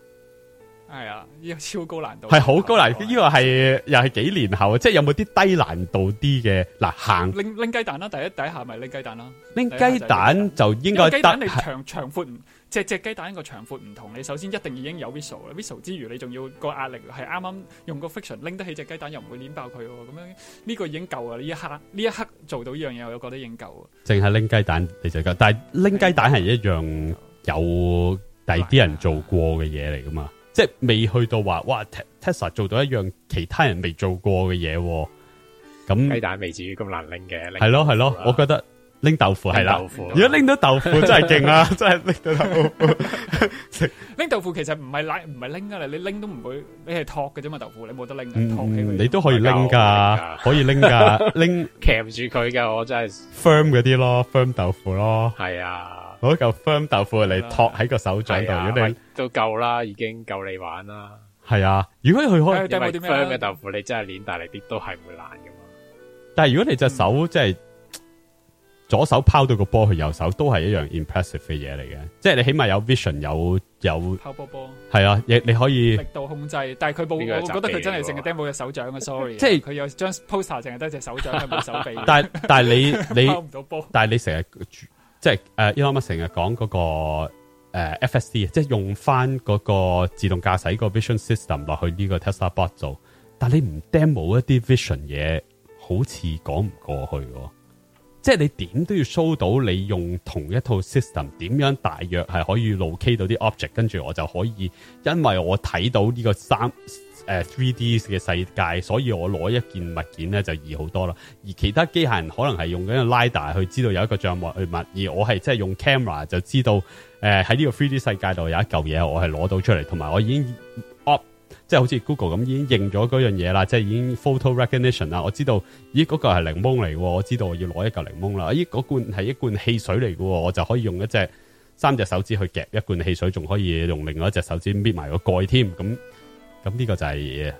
係啊，呢個超高難度係好高難，呢個係又係幾年後，即係有冇啲低難度啲嘅嗱行拎拎雞蛋啦。第一第一下咪拎雞蛋啦，拎雞蛋就應該雞蛋你長長闊隻隻雞蛋個長闊唔同。你首先一定已經有 visual 啦，visual 之餘你仲要個壓力係啱啱用個 fiction 拎得起隻雞蛋，又唔會碾爆佢咁樣，呢個已經夠啊。呢一刻呢一刻做到呢樣嘢，我又覺得應夠啊。淨係拎雞蛋你就夠，但係拎雞蛋係一樣有第啲人做過嘅嘢嚟㗎嘛。即係未去到話，哇！Tesla 做到一樣其他人未做過嘅嘢，咁雞蛋未至於咁難拎嘅，係咯，係咯，我覺得拎豆腐係啦，如果拎到豆腐真係勁啦，真係拎到豆腐。拎豆腐其實唔係拉唔係拎噶啦，你拎都唔會，你係托嘅啫嘛，豆腐你冇得拎，托起佢。你都可以拎噶，可以拎噶，拎鉗住佢噶，我真係 firm 嗰啲咯，firm 豆腐咯，係啊。攞嚿 firm 豆腐嚟托喺個手掌度，如果你都夠啦，已經夠你玩啦。係啊，如果佢開啲 firm 嘅豆腐，你真係捻大力啲都係唔會爛噶嘛。但係如果你隻手即係左手拋到個波去右手，都係一樣 impressive 嘅嘢嚟嘅。即係你起碼有 vision，有有拋波波係啊，你你可以力度控制，但係佢冇，我覺得佢真係成個 demo 嘅手掌啊。Sorry，即係佢有張 poster 淨係得一隻手掌，冇手臂。但係但係你你拋唔到波，但係你成日。即係誒，Elon Musk 成日講嗰個誒 FSD，即係用翻嗰個自動駕駛個 vision system 落去呢個 Tesla Bot 做，但你唔 demo 一啲 vision 嘢，好似講唔過去。即係你點都要 show 到你用同一套 system，點樣大約係可以 locate 到啲 object，跟住我就可以，因為我睇到呢個三。誒，three D 嘅世界，所以我攞一件物件咧就易好多啦。而其他機械人可能係用緊個 LiDAR 去知道有一個障礙物物，而我係即係用 camera 就知道，誒喺呢個 three D 世界度有一嚿嘢，我係攞到出嚟，同埋我已經 up，、uh, 即係好似 Google 咁已經認咗嗰樣嘢啦，即係已經 photo recognition 啦。我知道，咦嗰嚿係檸檬嚟，我知道我要攞一嚿檸檬啦。咦、啊，嗰罐係一罐汽水嚟噶，我就可以用一隻三隻手指去夾一罐汽水，仲可以用另外一隻手指搣埋個蓋添，咁、嗯。咁呢個就係、是，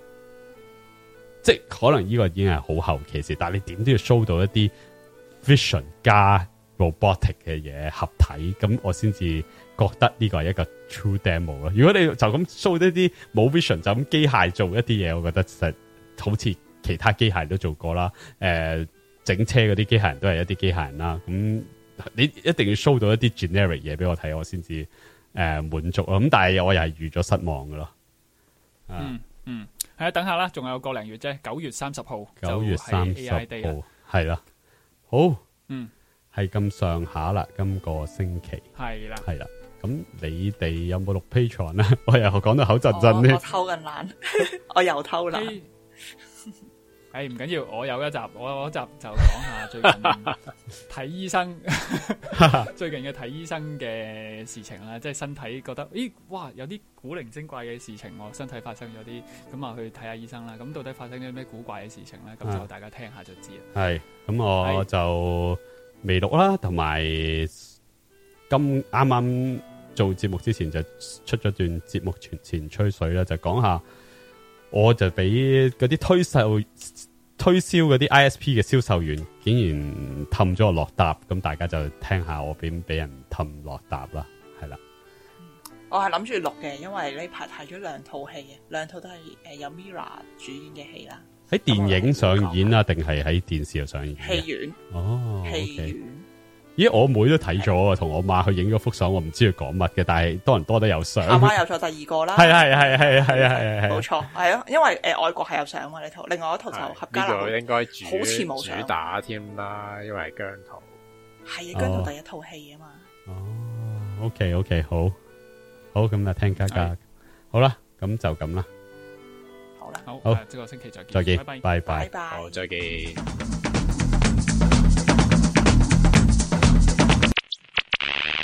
即係可能呢個已經係好後期事，但係你點都要 show 到一啲 vision 加 robotic 嘅嘢合體，咁我先至覺得呢個係一個 true demo 咯。如果你就咁 show 一啲冇 vision 就咁機械做一啲嘢，我覺得實好似其他機械人都做過啦。誒、呃，整車嗰啲機械人都係一啲機械人啦。咁你一定要 show 到一啲 generic 嘢俾我睇，我先至誒滿足咯。咁但係我又係預咗失望噶咯。嗯嗯，係啊，嗯、等下啦，仲有個零月啫，九月三十號，九月三十號係啦，好，嗯，係咁上下啦，今個星期係啦係啦，咁你哋有冇錄 Patreon 呢？我又講到口震震呢，我偷緊懶， 我又偷懶。 哎 係唔緊要，我有一集，我有一集就講下最近睇醫生，最近嘅睇醫生嘅事情啦，即係身體覺得，咦，哇，有啲古靈精怪嘅事情，我身體發生咗啲，咁啊去睇下醫生啦。咁到底發生咗咩古怪嘅事情咧？咁就大家聽下就知啦。係，咁我就未錄啦，同埋咁啱啱做節目之前就出咗段節目前前吹水啦，就講下，我就俾嗰啲推售。推銷嗰啲 ISP 嘅銷售員竟然氹咗我落搭，咁大家就聽下我點俾人氹落搭啦，係啦、嗯。我係諗住錄嘅，因為呢排睇咗兩套戲嘅，兩套都係誒、呃、有 Mira 主演嘅戲啦。喺電影上演啊，定係喺電視又上演？戲院哦，戲院。Oh, okay. 咦，我妹都睇咗啊，同我媽去影咗幅相，我唔知佢講乜嘅，但係多人多得有相。阿媽有咗第二個啦。係啊係係係係係係。冇錯，係啊！因為誒外國係有相啊嘛呢套，另外一套就合家。呢個應該主，好似冇相，主打添啦，因為係姜濤。係啊，姜濤第一套戲啊嘛。哦，OK OK，好，好咁啊，咁聽嘉嘉。Okay. 好啦，咁就咁啦，好啦，好，好！呢、啊、我、呢個、星期再見，再見，拜拜，拜拜拜拜好再見。